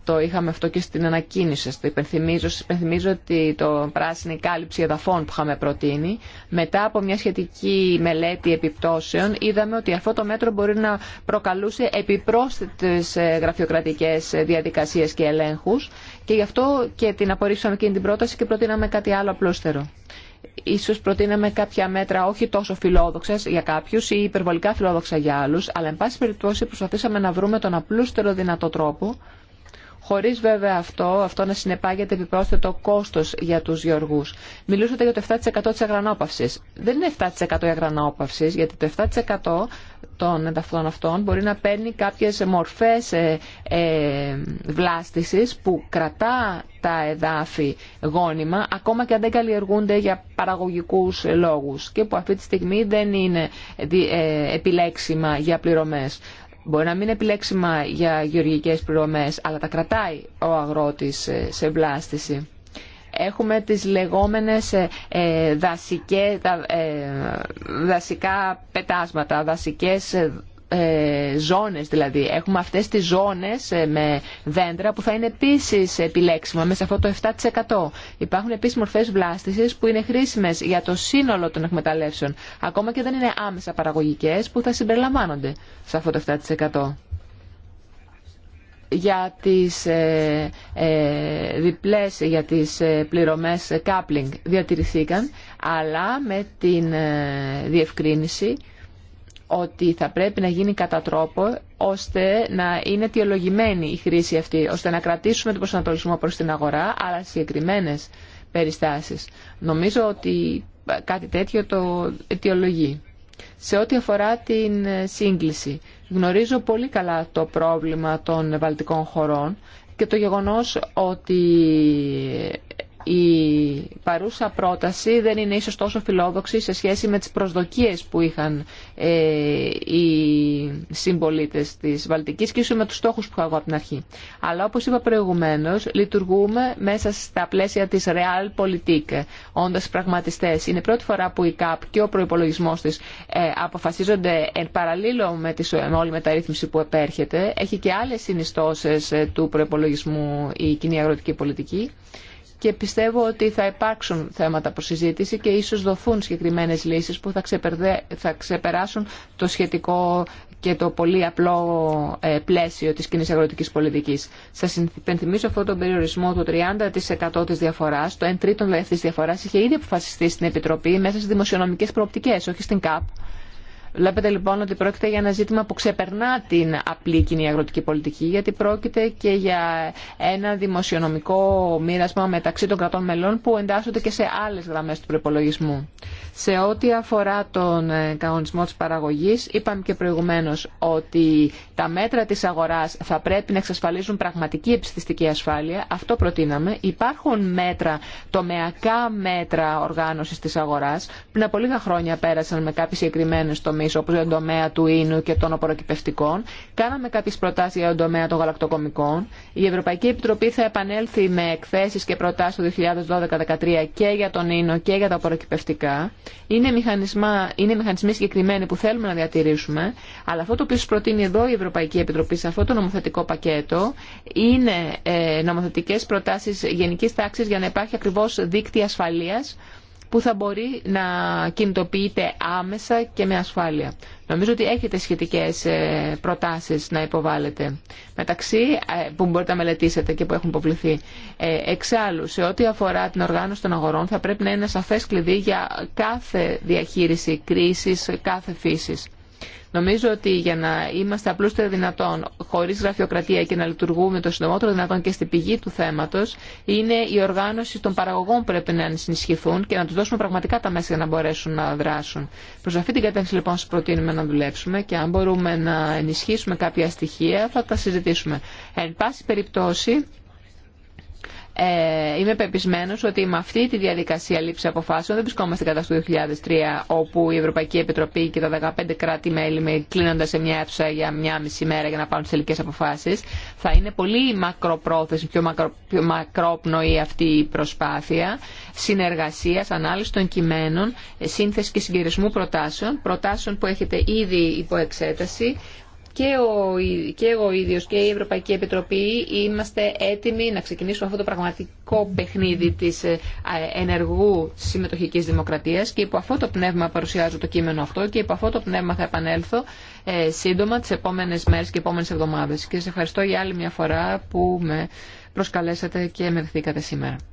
Το είχαμε αυτό και στην ανακοίνηση. Το υπενθυμίζω, σας υπενθυμίζω ότι το πράσινη κάλυψη εδαφών που είχαμε προτείνει, μετά από μια σχετική μελέτη επιπτώσεων, είδαμε ότι αυτό το μέτρο μπορεί να προκαλούσε επιπρόσθετες ε, γραφειοκρατικές ε, διαδικασίες και ελέγχους και γι' αυτό και την απορρίψαμε εκείνη την πρόταση και προτείναμε κάτι άλλο απλούστερο ίσως προτείναμε κάποια μέτρα όχι τόσο φιλόδοξα για κάποιους ή υπερβολικά φιλόδοξα για άλλους, αλλά εν πάση περιπτώσει προσπαθήσαμε να βρούμε τον απλούστερο δυνατό τρόπο χωρίς βέβαια αυτό, αυτό να συνεπάγεται επιπρόσθετο κόστος για τους γεωργούς. Μιλούσατε για το 7% της αγρανόπαυσης. Δεν είναι 7% η αγρανόπαυση, γιατί το 7% των εδαφών αυτών μπορεί να παίρνει κάποιες μορφές ε, ε, βλάστησης που κρατά τα εδάφη γόνιμα, ακόμα και αν δεν καλλιεργούνται για παραγωγικούς λόγους και που αυτή τη στιγμή δεν είναι ε, επιλέξιμα για πληρωμές. Μπορεί να μην είναι επιλέξιμα για γεωργικές πληρωμές, αλλά τα κρατάει ο αγρότης σε βλάστηση. Έχουμε τις λεγόμενες ε, ε, δασικές, ε, δασικά πετάσματα, δασικές ε, ζώνες δηλαδή. Έχουμε αυτές τις ζώνες ε, με δέντρα που θα είναι επίσης επιλέξιμα μέσα σε αυτό το 7%. Υπάρχουν επίσης μορφές βλάστησης που είναι χρήσιμες για το σύνολο των εκμεταλλεύσεων. Ακόμα και δεν είναι άμεσα παραγωγικές που θα συμπεριλαμβάνονται σε αυτό το 7% για τις ε, ε, διπλές, για τις ε, πληρωμές coupling διατηρηθήκαν, αλλά με την ε, διευκρίνηση ότι θα πρέπει να γίνει κατά τρόπο ώστε να είναι αιτιολογημένη η χρήση αυτή, ώστε να κρατήσουμε τον προσανατολισμό προς την αγορά, αλλά συγκεκριμένε περιστάσεις. Νομίζω ότι κάτι τέτοιο το αιτιολογεί. Σε ό,τι αφορά την σύγκληση, γνωρίζω πολύ καλά το πρόβλημα των βαλτικών χωρών και το γεγονός ότι η παρούσα πρόταση δεν είναι ίσως τόσο φιλόδοξη σε σχέση με τις προσδοκίες που είχαν ε, οι συμπολίτες της Βαλτικής και ίσως με τους στόχους που είχα εγώ από την αρχή. Αλλά όπως είπα προηγουμένως, λειτουργούμε μέσα στα πλαίσια της Realpolitik, όντας πραγματιστές. Είναι πρώτη φορά που η ΚΑΠ και ο προπολογισμό της ε, αποφασίζονται εν παραλίλω με, με όλη μεταρρύθμιση που επέρχεται. Έχει και άλλες συνιστώσεις ε, του προπολογισμού η κοινή αγροτική πολιτική και πιστεύω ότι θα υπάρξουν θέματα προς συζήτηση και ίσως δοθούν συγκεκριμένες λύσεις που θα, ξεπεράσουν το σχετικό και το πολύ απλό ε, πλαίσιο της κοινή αγροτικής πολιτικής. Σας υπενθυμίζω αυτόν τον περιορισμό του 30% της διαφοράς, το 1 τρίτον δηλαδή της διαφοράς είχε ήδη αποφασιστεί στην Επιτροπή μέσα στις δημοσιονομικές προοπτικές, όχι στην ΚΑΠ. Βλέπετε λοιπόν ότι πρόκειται για ένα ζήτημα που ξεπερνά την απλή κοινή αγροτική πολιτική, γιατί πρόκειται και για ένα δημοσιονομικό μοίρασμα μεταξύ των κρατών μελών που εντάσσονται και σε άλλε γραμμέ του προπολογισμού. Σε ό,τι αφορά τον ε, κανονισμό τη παραγωγή, είπαμε και προηγουμένω ότι τα μέτρα τη αγορά θα πρέπει να εξασφαλίζουν πραγματική επιστηστική ασφάλεια. Αυτό προτείναμε. Υπάρχουν μέτρα, τομεακά μέτρα οργάνωση τη αγορά, πριν από λίγα χρόνια πέρασαν με κάποιε συγκεκριμένε όπω για τον τομέα του ίνου και των απορροκυπευτικών. Κάναμε κάποιες προτάσεις για τον τομέα των γαλακτοκομικών. Η Ευρωπαϊκή Επιτροπή θα επανέλθει με εκθέσεις και προτάσεις το 2012-2013 και για τον ίνο και για τα απορροκυπευτικά. Είναι, είναι μηχανισμοί συγκεκριμένοι που θέλουμε να διατηρήσουμε, αλλά αυτό το οποίο προτείνει εδώ η Ευρωπαϊκή Επιτροπή σε αυτό το νομοθετικό πακέτο είναι ε, νομοθετικές προτάσεις γενικής τάξης για να υπάρχει ακριβώς δίκτυα ασφαλείας που θα μπορεί να κινητοποιείται άμεσα και με ασφάλεια. Νομίζω ότι έχετε σχετικές ε, προτάσεις να υποβάλλετε μεταξύ ε, που μπορείτε να μελετήσετε και που έχουν υποβληθεί. Ε, εξάλλου, σε ό,τι αφορά την οργάνωση των αγορών θα πρέπει να είναι σαφές κλειδί για κάθε διαχείριση κρίσης, κάθε φύσης. Νομίζω ότι για να είμαστε απλούστερα δυνατόν, χωρί γραφειοκρατία και να λειτουργούμε το συντομότερο δυνατόν και στην πηγή του θέματο, είναι η οργάνωση των παραγωγών που πρέπει να ενισχυθούν και να του δώσουμε πραγματικά τα μέσα για να μπορέσουν να δράσουν. Προ αυτή την κατεύθυνση λοιπόν σα προτείνουμε να δουλέψουμε και αν μπορούμε να ενισχύσουμε κάποια στοιχεία θα τα συζητήσουμε. Εν πάση περιπτώσει, ε, είμαι πεπισμένο ότι με αυτή τη διαδικασία λήψη αποφάσεων δεν βρισκόμαστε κατά στο 2003, όπου η Ευρωπαϊκή Επιτροπή και τα 15 κράτη-μέλη κλείνοντα σε μια αίθουσα για μια μισή μέρα για να πάρουν τι τελικέ αποφάσει. Θα είναι πολύ μακροπρόθεση, πιο, μακρο, μακρόπνοη αυτή η προσπάθεια συνεργασία, ανάλυση των κειμένων, ε, σύνθεση και συγκυρισμού προτάσεων, προτάσεων που έχετε ήδη υπό εξέταση, και ο, και ίδιος και η Ευρωπαϊκή Επιτροπή είμαστε έτοιμοι να ξεκινήσουμε αυτό το πραγματικό παιχνίδι της ε, ενεργού συμμετοχικής δημοκρατίας και υπό αυτό το πνεύμα παρουσιάζω το κείμενο αυτό και υπό αυτό το πνεύμα θα επανέλθω ε, σύντομα τις επόμενες μέρες και επόμενες εβδομάδες. Και σας ευχαριστώ για άλλη μια φορά που με προσκαλέσατε και με δεχθήκατε σήμερα.